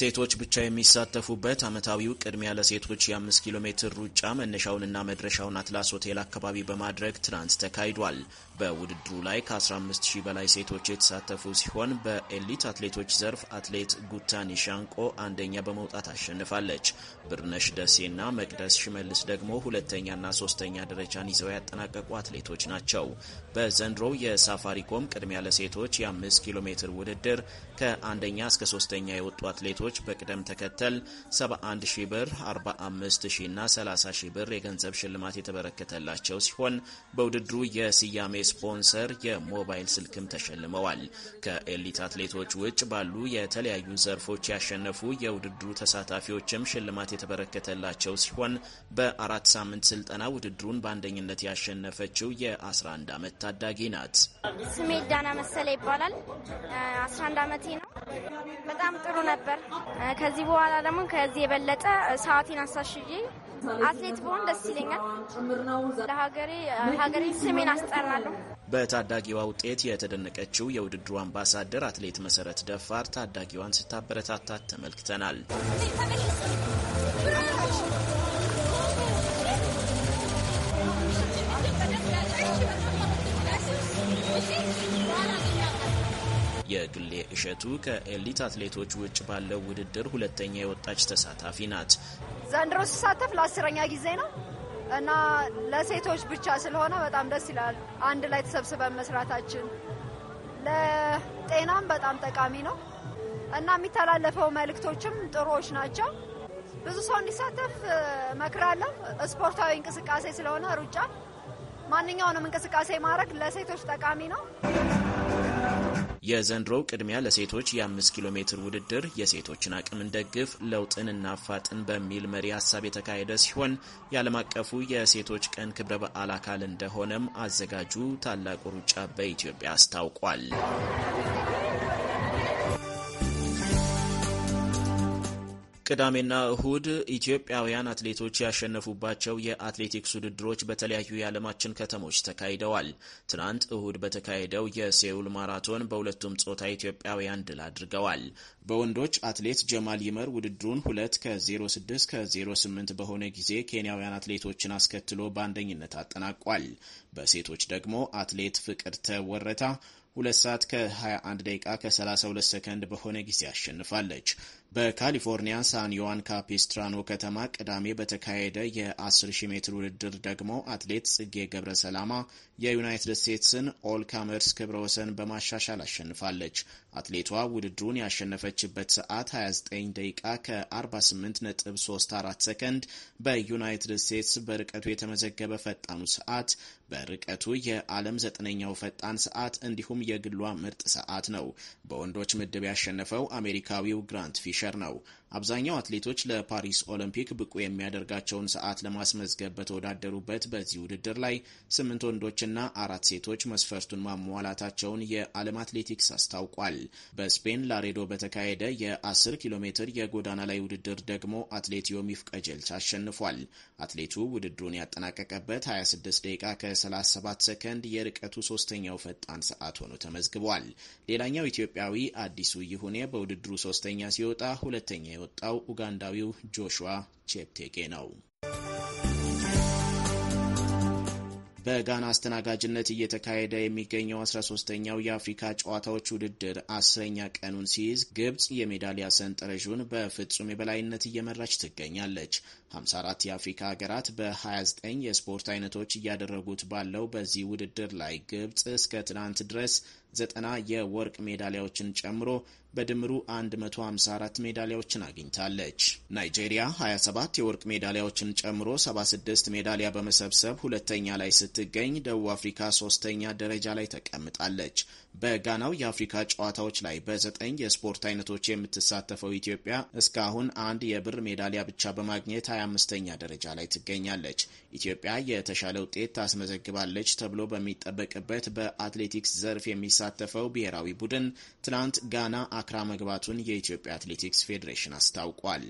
ሴቶች ብቻ የሚሳተፉበት ዓመታዊው ቅድሚያ ለሴቶች 5 ኪሎ ሜትር ሩጫ መነሻውንና መድረሻውን አትላስ ሆቴል አካባቢ በማድረግ ትናንት ተካሂዷል። በውድድሩ ላይ ከ15 ሺህ በላይ ሴቶች የተሳተፉ ሲሆን በኤሊት አትሌቶች ዘርፍ አትሌት ጉታኒ ሻንቆ አንደኛ በመውጣት አሸንፋለች። ብርነሽ ደሴና መቅደስ ሽመልስ ደግሞ ሁለተኛና ሶስተኛ ደረጃን ይዘው ያጠናቀቁ አትሌቶች ናቸው። በዘንድሮው የሳፋሪኮም ቅድሚያ ለሴቶች 5 ኪሎ ሜትር ውድድር ከአንደኛ እስከ ሶስተኛ የወጡ አትሌቶች ሰዎች በቅደም ተከተል 71 ሺ ብር፣ 45 ሺ እና 30 ሺ ብር የገንዘብ ሽልማት የተበረከተላቸው ሲሆን በውድድሩ የስያሜ ስፖንሰር የሞባይል ስልክም ተሸልመዋል። ከኤሊት አትሌቶች ውጭ ባሉ የተለያዩ ዘርፎች ያሸነፉ የውድድሩ ተሳታፊዎችም ሽልማት የተበረከተላቸው ሲሆን በአራት ሳምንት ስልጠና ውድድሩን በአንደኝነት ያሸነፈችው የ11 ዓመት ታዳጊ ናት። ስሜ ዳና መሰለ ይባላል። 11 ዓመቴ ነው። በጣም ጥሩ ነበር። ከዚህ በኋላ ደግሞ ከዚህ የበለጠ ሰዓቴን አሳሽዬ አትሌት በሆን ደስ ይለኛል። ለሀገሬ ሀገሬ ስሜን አስጠራለሁ። በታዳጊዋ ውጤት የተደነቀችው የውድድሩ አምባሳደር አትሌት መሰረት ደፋር ታዳጊዋን ስታበረታታት ተመልክተናል። የግሌ እሸቱ ከኤሊት አትሌቶች ውጭ ባለው ውድድር ሁለተኛ የወጣች ተሳታፊ ናት። ዘንድሮ ሲሳተፍ ለአስረኛ ጊዜ ነው እና ለሴቶች ብቻ ስለሆነ በጣም ደስ ይላል። አንድ ላይ ተሰብስበን መስራታችን ለጤናም በጣም ጠቃሚ ነው እና የሚተላለፈው መልእክቶችም ጥሩዎች ናቸው። ብዙ ሰው እንዲሳተፍ እመክራለሁ። ስፖርታዊ እንቅስቃሴ ስለሆነ ሩጫ፣ ማንኛውንም እንቅስቃሴ ማድረግ ለሴቶች ጠቃሚ ነው። የዘንድሮው ቅድሚያ ለሴቶች የአምስት ኪሎ ሜትር ውድድር የሴቶችን አቅም እንደግፍ ለውጥን እናፋጥን በሚል መሪ ሀሳብ የተካሄደ ሲሆን የዓለም አቀፉ የሴቶች ቀን ክብረ በዓል አካል እንደሆነም አዘጋጁ ታላቁ ሩጫ በኢትዮጵያ አስታውቋል። ቅዳሜና እሁድ ኢትዮጵያውያን አትሌቶች ያሸነፉባቸው የአትሌቲክስ ውድድሮች በተለያዩ የዓለማችን ከተሞች ተካሂደዋል። ትናንት እሁድ በተካሄደው የሴውል ማራቶን በሁለቱም ጾታ ኢትዮጵያውያን ድል አድርገዋል። በወንዶች አትሌት ጀማል ይመር ውድድሩን ሁለት ከ06 ከ08 በሆነ ጊዜ ኬንያውያን አትሌቶችን አስከትሎ በአንደኝነት አጠናቋል። በሴቶች ደግሞ አትሌት ፍቅርተ ወረታ ሁለት ሰዓት ከ21 ደቂቃ ከ32 ሰከንድ በሆነ ጊዜ አሸንፋለች። በካሊፎርኒያ ሳን ዮዋን ካፒስትራኖ ከተማ ቅዳሜ በተካሄደ የ10 ሜትር ውድድር ደግሞ አትሌት ጽጌ ገብረ ሰላማ የዩናይትድ ስቴትስን ኦል ካመርስ ክብረ ወሰን በማሻሻል አሸንፋለች። አትሌቷ ውድድሩን ያሸነፈችበት ሰዓት 29 ደቂቃ ከ48 ነጥብ 34 ሰከንድ በዩናይትድ ስቴትስ በርቀቱ የተመዘገበ ፈጣኑ ሰዓት በርቀቱ የዓለም ዘጠነኛው ፈጣን ሰዓት እንዲሁም የግሏ ምርጥ ሰዓት ነው። በወንዶች ምድብ ያሸነፈው አሜሪካዊው ግራንት ፊሽ ፒቸር ነው። አብዛኛው አትሌቶች ለፓሪስ ኦሎምፒክ ብቁ የሚያደርጋቸውን ሰዓት ለማስመዝገብ በተወዳደሩበት በዚህ ውድድር ላይ ስምንት ወንዶችና አራት ሴቶች መስፈርቱን ማሟላታቸውን የዓለም አትሌቲክስ አስታውቋል። በስፔን ላሬዶ በተካሄደ የ10 ኪሎ ሜትር የጎዳና ላይ ውድድር ደግሞ አትሌት ዮሚፍ ቀጀልቻ አሸንፏል። አትሌቱ ውድድሩን ያጠናቀቀበት 26 ደቂቃ ከ37 ሰከንድ የርቀቱ ሶስተኛው ፈጣን ሰዓት ሆኖ ተመዝግቧል። ሌላኛው ኢትዮጵያዊ አዲሱ ይሁኔ በውድድሩ ሶስተኛ ሲወጣ ሁለተኛ የወጣው ኡጋንዳዊው ጆሹዋ ቼፕቴጌ ነው። በጋና አስተናጋጅነት እየተካሄደ የሚገኘው 13 ተኛው የአፍሪካ ጨዋታዎች ውድድር አስረኛ ቀኑን ሲይዝ ግብፅ የሜዳሊያ ሰንጠረዡን በፍጹም የበላይነት እየመራች ትገኛለች። 54 የአፍሪካ ሀገራት በ29 የስፖርት አይነቶች እያደረጉት ባለው በዚህ ውድድር ላይ ግብፅ እስከ ትናንት ድረስ ዘጠና የወርቅ ሜዳሊያዎችን ጨምሮ በድምሩ 154 ሜዳሊያዎችን አግኝታለች። ናይጄሪያ 27 የወርቅ ሜዳሊያዎችን ጨምሮ 76 ሜዳሊያ በመሰብሰብ ሁለተኛ ላይ ስትገኝ፣ ደቡብ አፍሪካ ሶስተኛ ደረጃ ላይ ተቀምጣለች። በጋናው የአፍሪካ ጨዋታዎች ላይ በዘጠኝ የስፖርት አይነቶች የምትሳተፈው ኢትዮጵያ እስካሁን አንድ የብር ሜዳሊያ ብቻ በማግኘት 25ኛ ደረጃ ላይ ትገኛለች። ኢትዮጵያ የተሻለ ውጤት ታስመዘግባለች ተብሎ በሚጠበቅበት በአትሌቲክስ ዘርፍ የሚ የተሳተፈው ብሔራዊ ቡድን ትናንት ጋና አክራ መግባቱን የኢትዮጵያ አትሌቲክስ ፌዴሬሽን አስታውቋል።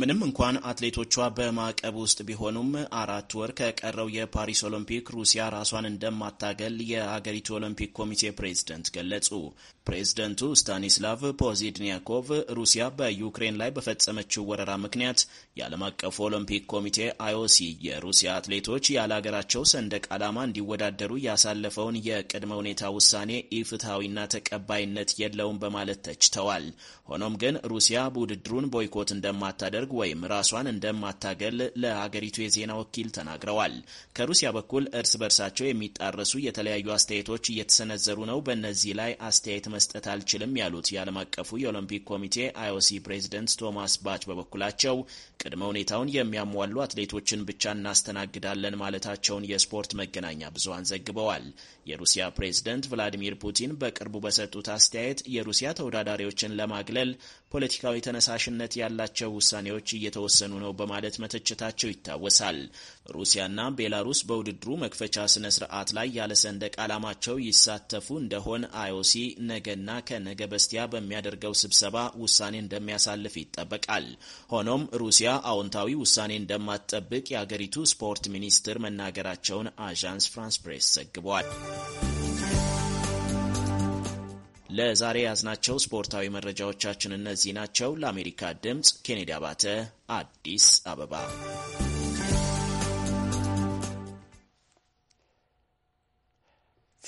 ምንም እንኳን አትሌቶቿ በማዕቀብ ውስጥ ቢሆኑም አራት ወር ከቀረው የፓሪስ ኦሎምፒክ ሩሲያ ራሷን እንደማታገል የአገሪቱ ኦሎምፒክ ኮሚቴ ፕሬዝደንት ገለጹ። ፕሬዝደንቱ ስታኒስላቭ ፖዚድኒያኮቭ ሩሲያ በዩክሬን ላይ በፈጸመችው ወረራ ምክንያት የዓለም አቀፉ ኦሎምፒክ ኮሚቴ አይኦሲ የሩሲያ አትሌቶች ያለ አገራቸው ሰንደቅ ዓላማ እንዲወዳደሩ ያሳለፈውን የቅድመ ሁኔታ ውሳኔ ኢፍትሐዊና ተቀባይነት የለውም በማለት ተችተዋል። ሆኖም ግን ሩሲያ ውድድሩን ቦይኮት እንደማታደር እንደማታደርግ ወይም ራሷን እንደማታገል ለሀገሪቱ የዜና ወኪል ተናግረዋል። ከሩሲያ በኩል እርስ በርሳቸው የሚጣረሱ የተለያዩ አስተያየቶች እየተሰነዘሩ ነው። በእነዚህ ላይ አስተያየት መስጠት አልችልም ያሉት የዓለም አቀፉ የኦሎምፒክ ኮሚቴ አይኦሲ ፕሬዚደንት ቶማስ ባች በበኩላቸው ቅድመ ሁኔታውን የሚያሟሉ አትሌቶችን ብቻ እናስተናግዳለን ማለታቸውን የስፖርት መገናኛ ብዙሃን ዘግበዋል። የሩሲያ ፕሬዝደንት ቭላዲሚር ፑቲን በቅርቡ በሰጡት አስተያየት የሩሲያ ተወዳዳሪዎችን ለማግለል ፖለቲካዊ ተነሳሽነት ያላቸው ውሳኔዎች እየተወሰኑ ነው በማለት መተቸታቸው ይታወሳል። ሩሲያና ቤላሩስ በውድድሩ መክፈቻ ስነ ስርዓት ላይ ያለ ሰንደቅ ዓላማቸው ይሳተፉ እንደሆን አይኦሲ ነገና ከነገ በስቲያ በሚያደርገው ስብሰባ ውሳኔ እንደሚያሳልፍ ይጠበቃል። ሆኖም ሩሲያ አዎንታዊ ውሳኔ እንደማትጠብቅ የአገሪቱ ስፖርት ሚኒስትር መናገራቸውን አዣንስ ፍራንስ ፕሬስ ዘግቧል። ለዛሬ ያዝናቸው ስፖርታዊ መረጃዎቻችን እነዚህ ናቸው። ለአሜሪካ ድምፅ ኬኔዲ አባተ አዲስ አበባ።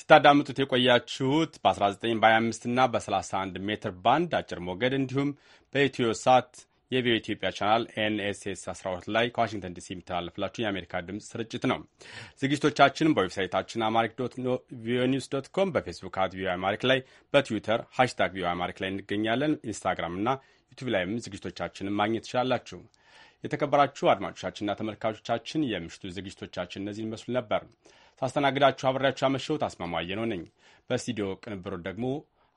ስታዳምጡት የቆያችሁት በ19 በ25 እና በ31 ሜትር ባንድ አጭር ሞገድ እንዲሁም በኢትዮ ሳት የቪኦኤ ኢትዮጵያ ቻናል ኤንኤስኤስ 12 ላይ ከዋሽንግተን ዲሲ የሚተላለፍላችሁ የአሜሪካ ድምፅ ስርጭት ነው። ዝግጅቶቻችን በዌብሳይታችን አማሪክ ቪኦኤ ኒውስ ዶት ኮም፣ በፌስቡክ አት ቪኦኤ አማሪክ ላይ፣ በትዊተር ሃሽታግ ቪኦኤ አማሪክ ላይ እንገኛለን። ኢንስታግራም እና ዩቱብ ላይም ዝግጅቶቻችንን ማግኘት ትችላላችሁ። የተከበራችሁ አድማጮቻችንና ተመልካቾቻችን የምሽቱ ዝግጅቶቻችን እነዚህን ይመስሉ ነበር። ሳስተናግዳችሁ አብሬያችሁ ያመሸሁት አስማማየ ነው ነኝ። በስቱዲዮ ቅንብሩ ደግሞ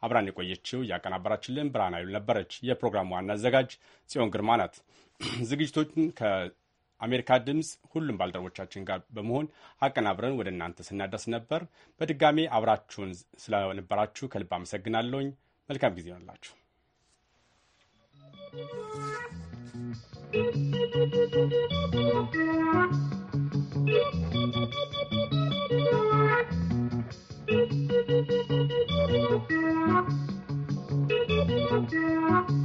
አብራን የቆየችው ያቀናበራችልን ብርሃን አይሉ ነበረች። የፕሮግራሙ ዋና አዘጋጅ ጽዮን ግርማ ናት። (clears throat) ዝግጅቶችን ከአሜሪካ ድምፅ ሁሉም ባልደረቦቻችን ጋር በመሆን አቀናብረን ወደ እናንተ ስናደርስ ነበር። በድጋሜ አብራችሁን ስለነበራችሁ ከልብ አመሰግናለሁኝ። መልካም ጊዜ ሆንላችሁ። do.